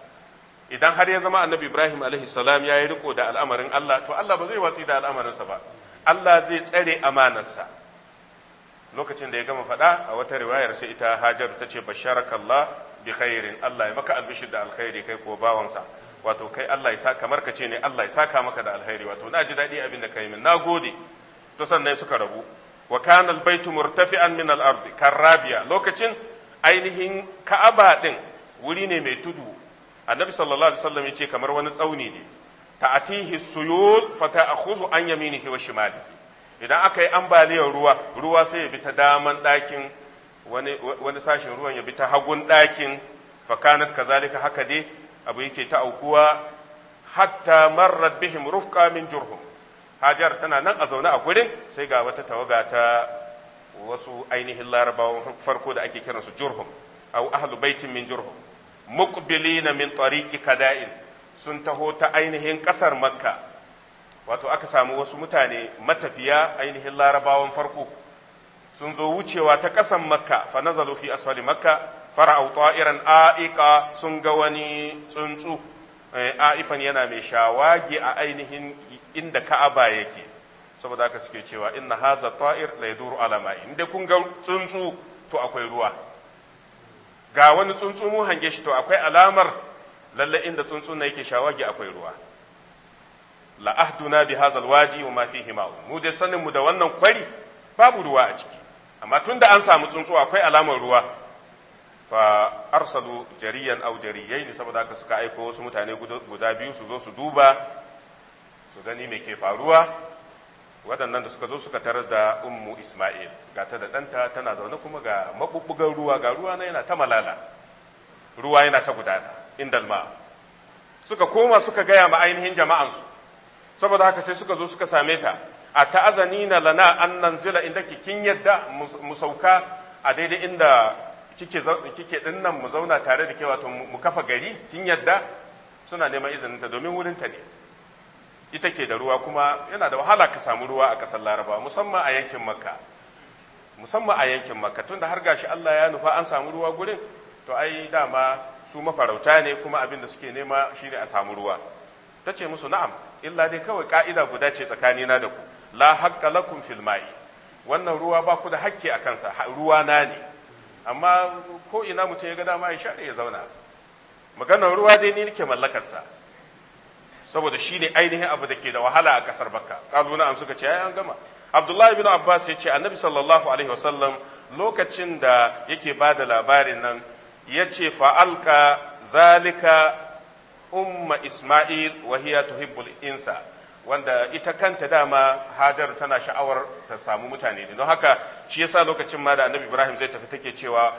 idan har ya zama annabi ibrahim alaihi salam ya yi riko da al'amarin allah to allah ba zai watsi da al'amarinsa ba allah zai tsare amanarsa lokacin da ya gama faɗa a wata riwayar sai ita hajar ta ce basharakallah bi khairin allah ya maka albishir da alkhairi kai ko bawansa wato kai allah ya sa kamar ka ce ne allah ya saka maka da alkhairi wato na ji daɗi abin da ka yi min na gode to sannan suka rabu wa kana albaitu murtafi'an min al-ard karabiya lokacin ainihin ka'aba din wuri ne mai tudu annabi sallallahu alaihi wasallam yace kamar wani tsauni ne ta'atihi suyul fa ta'khuzu an yaminihi wa shimalihi idan aka yi ambaliyar ruwa ruwa sai ya bi ta daman dakin. wani wani sashin ruwan ya bi ta hagun ɗakin fa kanat kazalika haka dai abu yake ta aukuwa hatta marrat bihim rufqa min jurhum hajar tana nan a zaune a gurin sai ga wata tawaga ta wasu ainihin larabawan farko da ake kiransu jurhum a ahlu baitin min jurhum na min tariqi kada'in sun taho ta ainihin kasar makka wato aka samu wasu mutane matafiya ainihin larabawan farko sun zo wucewa ta ƙasar makka fa nazalu fi asfali makka fara'u ta'iran a'ika sun ga wani tsuntsu eh, a'ifan yana mai shawagi a ainihin inda ka'aba yake saboda haka suke cewa inna haza ta'ir la yaduru ala ma'in kun ga tsuntsu to akwai ruwa ga wani tsuntsu mu hange shi to akwai alamar lalle inda tsuntsun na yake shawagi akwai ruwa la ahduna bi hazal waji wa ma fihi mu dai sanin mu da wannan kwari babu ruwa a ciki amma tunda an samu tsuntsu akwai alamar ruwa fa arsalu jariyan aw jariyayn saboda haka suka aiko wasu mutane guda biyu su zo su duba su gani me ke faruwa waɗannan da suka zo suka tarar da ummu isma'il ga ta da ɗanta tana zaune kuma ga maɓuɓɓugan ruwa ga ruwa na yana ta malala ruwa yana ta gudana indal ma suka koma suka gaya ma ainihin jama'ansu saboda haka sai suka zo suka same ta a ta'azani na lana an zila inda kin yadda mu sauka a daidai inda kike kike dinnan mu zauna tare da ke wato mu kafa gari kin yadda suna neman izinin ta domin wurin ta ne ita ke da ruwa kuma yana da wahala ka samu ruwa a ƙasar laraba musamman a yankin makka musamman a yankin makka tunda har gashi allah ya nufa an samu ruwa gurin to ai dama su mafarauta ne kuma abin da suke nema shine a samu ruwa ta ce musu na'am illa dai kawai ka'ida guda ce tsakanina da ku la haqqa lakum fil ma'i wannan ruwa ba ku da hakki a kansa ruwa na ne amma ko ina mutum ya ga dama ya share ya zauna maganar ruwa dai ni nake sa saboda shi ne ainihin abu da ke da wahala a ƙasar bakka kalu na'am suka ce an gama abdullahi bin abbas ya ce annabi sallallahu alaihi wasallam lokacin da yake ba da labarin nan ya ce fa'alka zalika umma isma'il wahiyatu tuhibbul insa wanda ita kanta dama hajar tana sha'awar ta samu mutane ne don haka shi yasa lokacin ma da annabi ibrahim zai tafi take cewa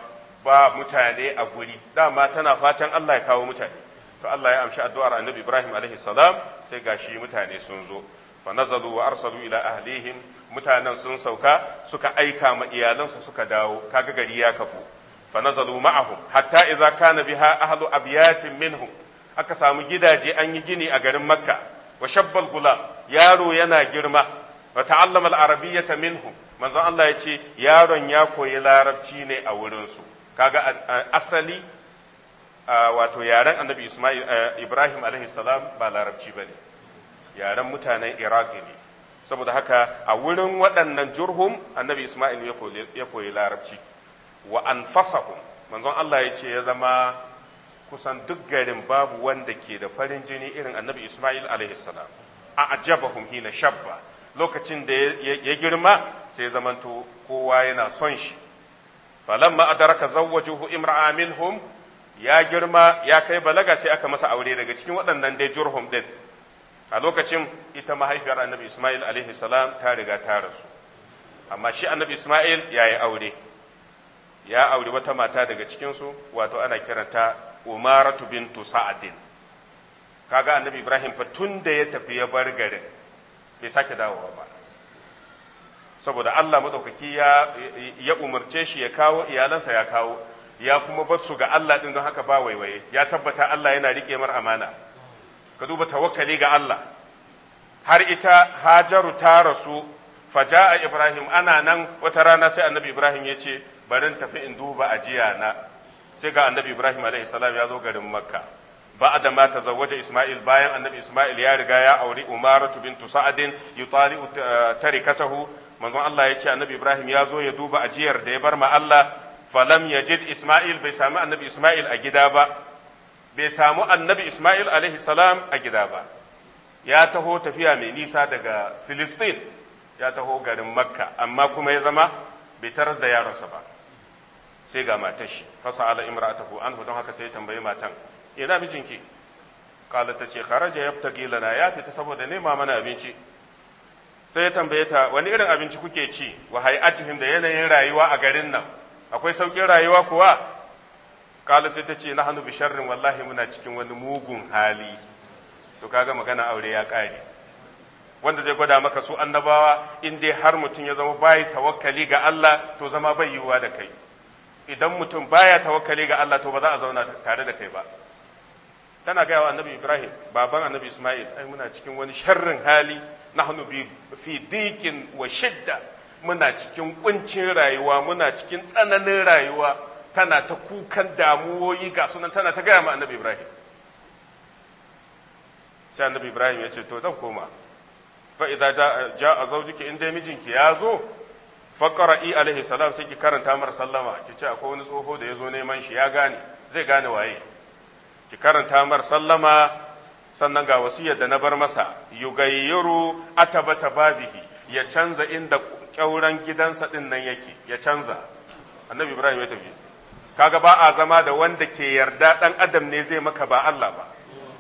ba mutane a guri dama tana fatan allah ya kawo mutane to Allah ya amshi addu'ar annabi Ibrahim alaihi salam sai gashi mutane sun zo fa nazalu wa arsalu ila ahlihim mutanen sun sauka suka aika ma iyalansu suka dawo kaga gari ya kafu fa nazalu ma'ahum hatta idza kana biha ahlu abyatin minhum aka samu gidaje an yi gini a garin Makka wa shabbal gulam yaro yana girma wa ta'allama al-arabiyyata minhum manzo Allah ya ce yaron ya koyi larabci ne a wurinsu kaga asali wato yaren annabi Ismail Ibrahim alaihi salam ba larabci bane yaren mutanen Iraq ne saboda haka a wurin waɗannan jurhum annabi Ismail ya koyi larabci wa anfasahum manzon Allah ya ce ya zama kusan duk garin babu wanda ke da farin jini irin annabi Ismail alaihi salam a ajabahum hina shabba lokacin da ya girma sai ya zamanto kowa yana son shi falamma adraka zawwajuhu imra'a minhum ya girma ya kai balaga sai aka masa aure daga cikin waɗannan dai jurhum din a lokacin ita mahaifiyar annabi isma'il alaihi salam ta riga ta rasu amma shi annabi isma'il ya yi aure ya aure wata mata daga cikinsu wato ana kiranta umaratu bintu sa'adin kaga annabi ibrahim fa tun da ya tafi ya bar garin bai sake dawowa ba saboda allah maɗaukaki ya umarce shi ya kawo iyalansa ya kawo ya kuma bar su ga Allah din don haka ba waiwaye ya tabbata Allah yana rike mar amana ka duba tawakkali ga Allah har ita Hajaru ta rasu faja'a Ibrahim ana nan wata rana sai Annabi Ibrahim ya ce barin tafi in duba ajiya na sai ga Annabi Ibrahim alaihi salam ya zo garin Makka ba'da ma tazawwaja Isma'il bayan Annabi Isma'il ya riga ya auri Umaratu bintu Sa'adin yutali'u eh, tarikatahu manzon Allah ya ce Annabi Ibrahim ya zo ya duba ajiyar da ya bar ma Allah falam yajid Ismail bai sami annabi Ismail a gida ba bai samu annabi Ismail alaihi salam a gida ba ya taho tafiya mai nisa daga Filistin ya taho garin Makka amma kuma ya zama bai taras da yaronsa ba sai ga matar shi fasa ala imra'atahu anhu don haka sai tambayi matan ina mijinki kala ta ce kharaja yaftagi lana ya fita saboda nema mana abinci sai ya tambaye ta wani irin abinci kuke ci wa hay'atihim da yanayin rayuwa a garin nan akwai sauƙin rayuwa kuwa kala sai ta ce na hannu bisharrin wallahi muna cikin wani mugun hali to kaga magana aure ya ƙare wanda zai gwada maka su annabawa in dai har mutum ya zama bayi tawakkali ga Allah to zama bai yiwuwa da kai idan mutum baya tawakkali ga Allah to ba za a zauna tare da kai ba tana gaya wa annabi Ibrahim baban annabi Ismail ai muna cikin wani sharrin hali nahnu bi fi dikin wa shidda muna cikin kuncin rayuwa muna cikin tsananin rayuwa tana ta kukan damuwoyi ga sunan tana ta gaya ma annabi ibrahim sai annabi ibrahim ya ce to zan koma fa idza jaa zawjiki inda mijinki ya zo fa i alaihi salam sai ki karanta mar sallama ki ce akwai wani tsoho da ya zo neman shi ya gane zai gane waye ki karanta mar sallama sannan ga wasiyar da na bar masa yugayyiru atabata babihi ya canza inda ƙyauren gidansa ɗin nan yake ya canza annabi ibrahim ya tafi kaga ba a zama da wanda ke yarda ɗan adam ne zai maka ba allah ba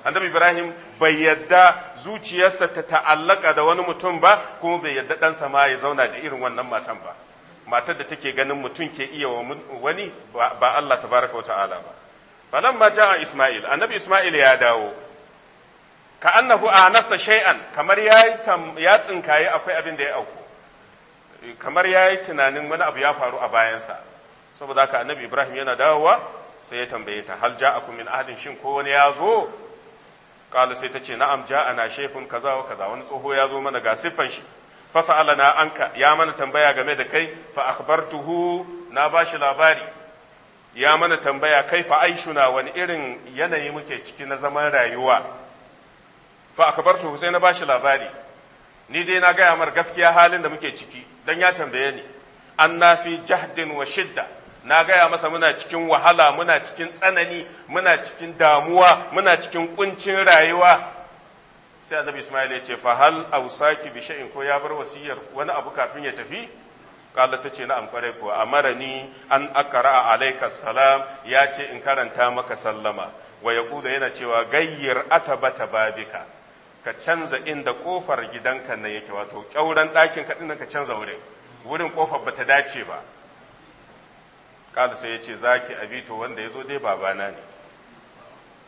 annabi ibrahim bai yarda zuciyarsa ta ta'allaka da wani mutum ba kuma bai yarda ɗansa ma ya zauna da irin wannan matan ba matar da take ganin mutum ke iya wa wani ba allah tabaraka wa ta'ala ba ma ja'a isma'il annabi isma'il ya dawo ka annahu a nasa shay'an kamar ya tsinkaye akwai abin da ya auku kamar ya yi tunanin wani abu ya faru a bayansa saboda haka annabi ibrahim yana dawowa sai ya tambaye ta hal ja'akum min ahadin shin ko wani ya zo kala sai ta ce na'am ja'ana shaykhun kaza wa kaza wani tsoho ya zo mana ga siffan shi fa sa'alana anka ya mana tambaya game da kai fa akhbartuhu na bashi labari ya mana tambaya kai fa aishuna wani irin yanayi muke ciki na zaman rayuwa fa akhbartuhu sai na bashi labari ni dai na gaya mar gaskiya halin da muke ciki dan ya tambaye ni anna fi jahdin wa shidda na gaya masa muna cikin wahala muna cikin tsanani muna cikin damuwa muna cikin kuncin rayuwa sai annabi isma'il ya ce fa hal ausaki bi shay'in ko ya bar wasiyar wani abu kafin ya tafi kala ta ce na'am kwarai ko amarani an akara alayka salam ya ce in karanta maka sallama wa yaqulu yana cewa gayyir atabata babika ka canza inda kofar gidanka nan yake wato kyauran ɗakin ka ɗinan ka canza wurin wurin kofar bata dace ba kala sai ya ce za zaki abito wanda ya zo dai babana ne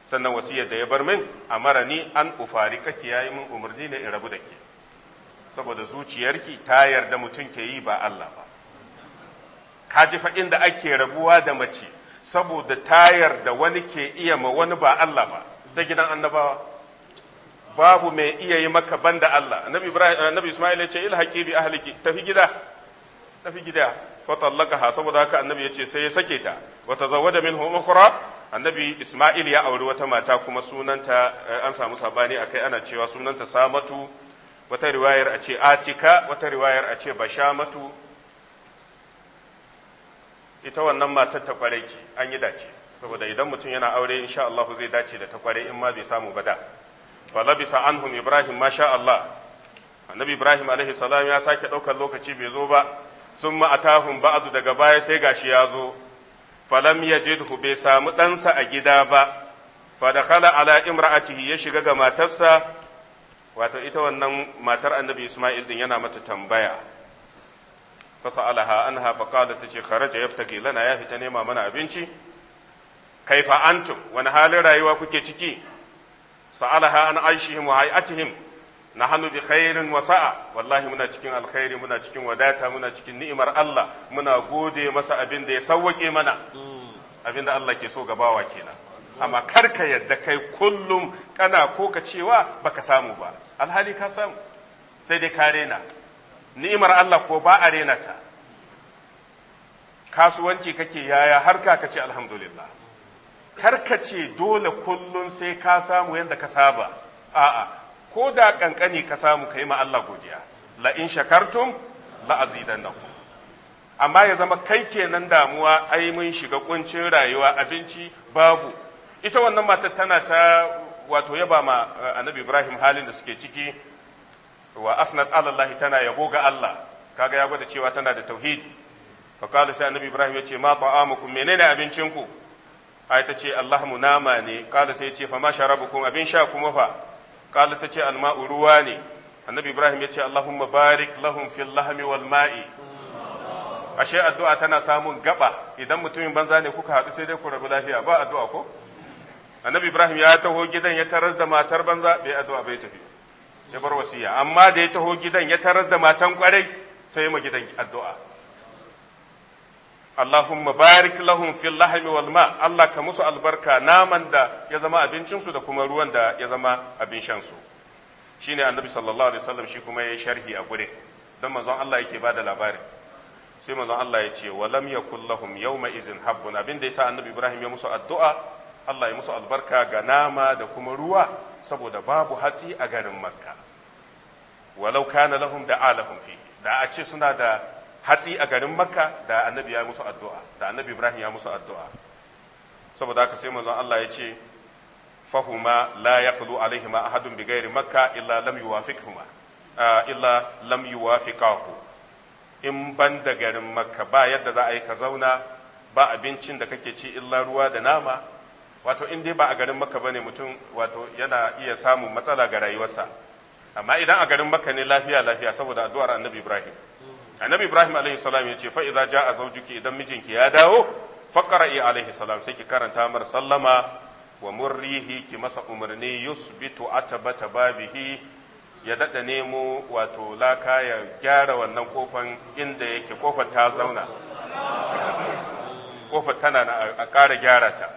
sannan wasiyar da ya bar min a mara ni an ufari kake yi min umarni ne in rabu da ke saboda zuciyarki ta yarda mutum ke yi ba Allah ba ka ji faɗin da ake rabuwa da mace saboda ta yarda wani ke iya ma wani ba Allah ba sai gidan annabawa babu mai iya yi maka banda Allah annabi ibrahim annabi isma'il ya ce ilhaqi bi ahliki tafi gida tafi gida fa tallaqaha saboda haka annabi ya ce sai ya sake ta wa tazawwaja minhu ukhra annabi isma'il ya auri wata mata kuma sunanta eh, an samu sabani akai ana cewa sunanta samatu wata riwayar a ce atika wata riwayar a ce bashamatu ita wannan matar ta kwarai an yi dace saboda idan mutum yana aure insha Allah zai dace da ta kwarai in ma bai samu ba da falabisa anhum ibrahim masha Allah annabi ibrahim alaihi salam ya sake ɗaukar lokaci bai zo ba sun ma'atahun ba'adu daga baya sai gashi ya zo falam yajidhu bai samu ɗansa a gida ba fadakhala ala imra'atihi ya shiga ga matarsa wato ita wannan matar annabi isma'il din yana mata tambaya fasalaha anha faqala tace kharaja yaftaki lana ya fita nema mana abinci kaifa antum wani halin rayuwa kuke ciki sa'alaha an aishihim wa hay'atihim nahnu bi khairin wa wasa'a wallahi muna cikin alkhairi muna cikin wadata muna cikin ni'imar Allah muna gode masa abin da ya sawwake mana hmm. abin da Allah ke so gabawa kenan amma kar ka yadda kai kullum kana ko ka cewa ka samu ba alhali ka samu sai dai ka rena ni'imar Allah ko ba a rena ta kasuwanci kake yaya harka kace alhamdulillah ce dole kullum sai ka samu yadda ka saba a'a ko da kankani ka samu kai ma Allah godiya La'in in shakartum la azidannakum amma ya zama kai kenan damuwa ai mun shiga kuncin rayuwa abinci babu ita wannan matar tana ta wato yaba ma eh, annabi Ibrahim halin da suke ciki wa asnat alallahi tana yabo ga Allah kaga ya gwada cewa tana da Tauhid. fa qala sai annabi Ibrahim yace ma ta'amukum menene abincinku ai ta ce allahmu nama ne kala sai ce fa ma sharabukum abin sha kuma fa kala ta ce alma'u ruwa ne annabi ibrahim ya ce allahumma barik lahum fil lahmi wal ma'i ashe addu'a tana samun gaba idan mutumin banza ne kuka haɗu sai dai ku rabu lafiya ba addu'a ko annabi ibrahim ya taho gidan ya taras da matar banza bai addu'a bai tafi ya bar wasiya amma da ya taho gidan ya taras da matan kwarai sai ma gidan addu'a Allahumma barik lahum fil lahmi wal ma Allah ka musu albarka naman da ya zama abincinsu da kuma ruwan da ya zama abin shan su shine annabi sallallahu alaihi wasallam shi kuma yayi sharhi a gure dan manzon Allah yake bada labarin sai manzon Allah ya ce wa lam yakul lahum yawma izin habbun abin da yasa annabi Ibrahim ya musu addu'a Allah ya musu albarka ga nama da kuma ruwa saboda babu hatsi a garin Makka walau kana lahum da alahum fi da a ce suna da hatsi a garin makka da annabi ya musu addu'a da annabi ibrahim ya musu addu'a saboda haka sai manzon Allah ya ce fahuma la yaqulu alaihima ahadun bighairi makka illa lam yuwafiqhuma illa lam in ban da garin makka ba yadda za a yi ka zauna ba abincin da kake ci illa ruwa da nama wato in dai ba a garin makka bane mutum wato yana iya samun matsala ga rayuwarsa amma idan a garin makka ne lafiya lafiya saboda addu'ar annabi ibrahim annabi ibrahim alaihi salam ya ce fa idza jaa zawjuki idan mijinki ya dawo faqra'i alaihi salam sai ki karanta mar sallama wa murrihi ki masa umarni yusbitu atabata babihi ya dada nemo wato laka ya gyara wannan kofan inda yake kofar ta zauna kofar tana a ƙara gyara ta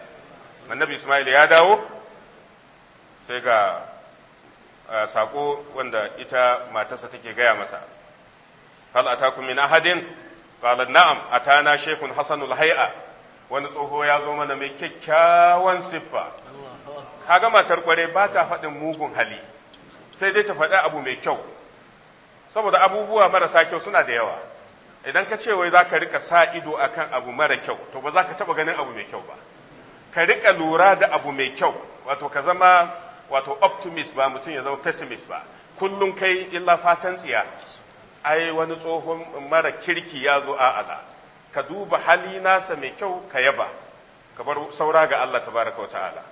annabi ismail ya dawo sai ga sako wanda ita matarsa take gaya masa hal atakum min ahadin qala na'am atana shaykhun hasanul hay'a wani tsoho ya zo mana mai kyakkyawan siffa kaga matar kware ba ta faɗin mugun hali sai dai ta faɗi abu mai kyau saboda abubuwa marasa kyau suna da yawa idan ka ce wai za ka rika sa ido akan abu mara kyau to ba za ka taɓa ganin abu mai kyau ba ka rika lura da abu mai kyau wato ka zama wato optimist ba mutum ya zama pessimist ba kullum kai illa fatan tsiya ai wani tsohon mara kirki ya zo a ala ka duba hali nasa mai kyau ka yaba ka bar saura ga Allah tabaraka wa ta'ala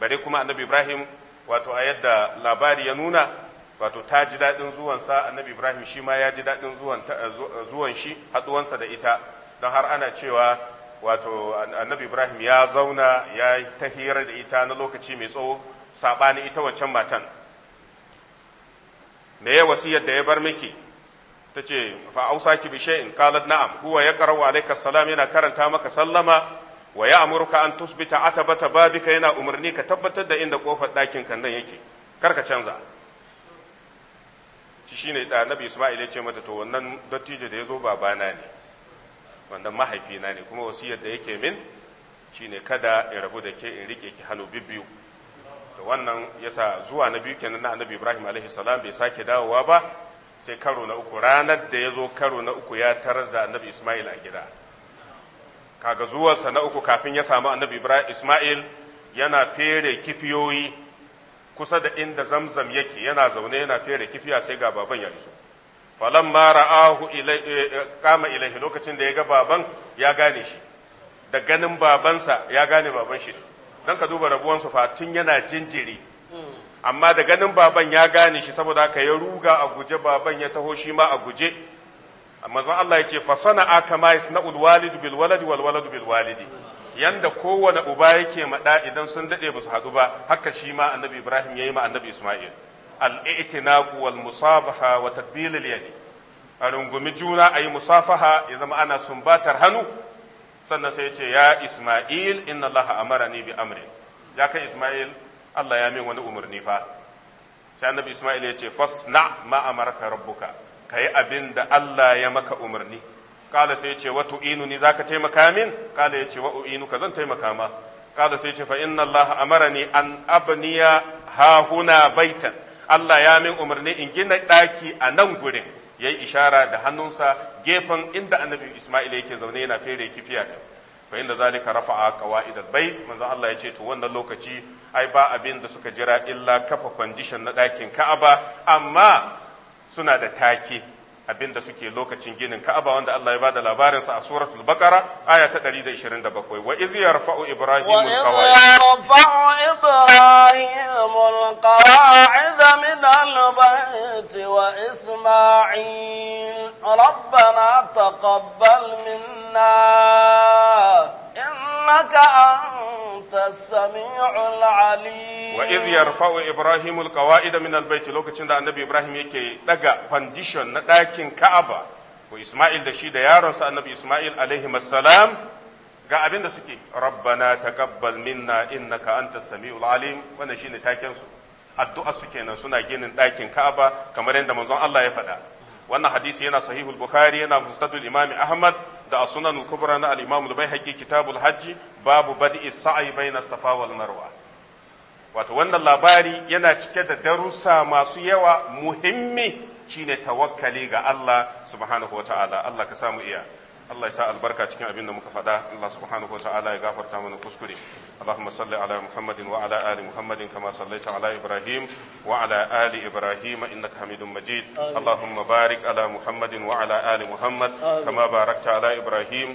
bare kuma annabi Ibrahim wato a yadda labari ya nuna wato ta ji daɗin zuwansa annabi Ibrahim shi ma ya ji daɗin zuwan eh, shi haɗuwansa da ita don har ana cewa wato annabi Ibrahim ya zauna ya ta hira da ita na lokaci mai tsawo saɓani ita wancan matan me ya wasiyar da ya bar miki ta ce fa ki bi shay'in qalat na'am huwa ya alayka salam yana karanta maka sallama wa ya amurka an tusbita atabata babika yana umarni ka tabbatar da inda kofar ɗakin kan nan yake karka canza shi shine da nabi isma'il ya ce mata to wannan dattijo da ya zo babana ne wannan mahaifina ne kuma wasiyar da yake min shine kada in rabu da ke in rike ki hannu bibbiyu da wannan yasa zuwa na biyu kenan na annabi ibrahim alaihi salam bai sake dawowa ba sai karo na uku ranar da ya zo karo na uku ya taras da annabi ismail a gida kaga zuwarsa na uku kafin ya samu annabi ismail yana fere kifiyoyi kusa da inda zamzam yake yana zaune yana fere kifiya sai ga baban ya iso falan ma ra'ahu eh, eh, kama ilaihi lokacin da ya ga baban ya gane shi da ganin babansa ya gane baban shi don ka duba rabuwansu fa yana jinjiri hmm. amma da ganin baban ya gane shi saboda haka ya ruga a guje baban ya taho shi ma a guje manzon Allah ya ce fa sana'a kama yasna'ul walidu bil waladi wal waladu bil walidi yanda kowane uba yake maɗa idan sun daɗe ba su haɗu ba haka shi ma annabi ibrahim ya yi ma annabi isma'il al'i'tinaku wal musafaha wa tadbilil yadi a rungumi juna a yi musafaha ya zama ana sumbatar hannu sannan sai ya ce ya isma'il inna allaha ni bi amri ya kai isma'il Allah ya min wani umarni fa sai annabi Isma'il ya ce fasna ma amarka rabbuka kai abin da Allah ya maka umarni kala sai ya ce wa tu'inuni zaka taimaka min kala ya ce wa u'inuka zan taimaka ma kala sai ya ce fa inna Allah amarani an abniya hahuna baitan Allah ya min umarni in gina daki a nan gurin yayi ishara da hannunsa gefen inda annabi Isma'il yake zaune yana fere kifiya din fa inda zalika rafa'a qawaid al-bayt manzo Allah ya ce to wannan lokaci ai ba abin da suka jira illa kafa kwandishan na ɗakin ka'aba amma suna da take abin da suke lokacin ginin ka'aba wanda Allah ya bada labarinsa a suratul baqara aya ta 127 wa iz yarfa'u ibrahim al-qawa'id ibrahim al-qawa'id min al-bayt wa isma'il rabbana taqabbal minna إنك أنت السميع العليم وإذ يرفع إبراهيم القواعد من البيت لوكا تشند النبي na dakin ka'aba فانديشن isma'il da shi da يارن النبي إسماعيل عليه السلام ga abin da suke rabbana taqabbal minna innaka antas samiul alim wannan shine taken su addu'a su nan suna ginin ɗakin Ka'aba kamar yadda manzon Allah ya faɗa wannan hadisi yana sahihul buhari yana mustadul Imami Ahmad da sunan al-kubra na al-imam al-baihaqi kitabul hajji babu bad'i sa'i baina safa wal marwa wato wannan labari yana cike da darussa masu yawa muhimmi shine tawakkali ga Allah subhanahu wataala Allah ka samu iya Allah ya sa albarka cikin abin da muka faɗa Allah subhanahu wataala ya gafarta mana kuskure اللهم صل على محمد وعلى آل محمد كما صليت على إبراهيم وعلى آل إبراهيم إنك حميد مجيد آمين. اللهم بارك على محمد وعلى آل محمد آمين. كما باركت على إبراهيم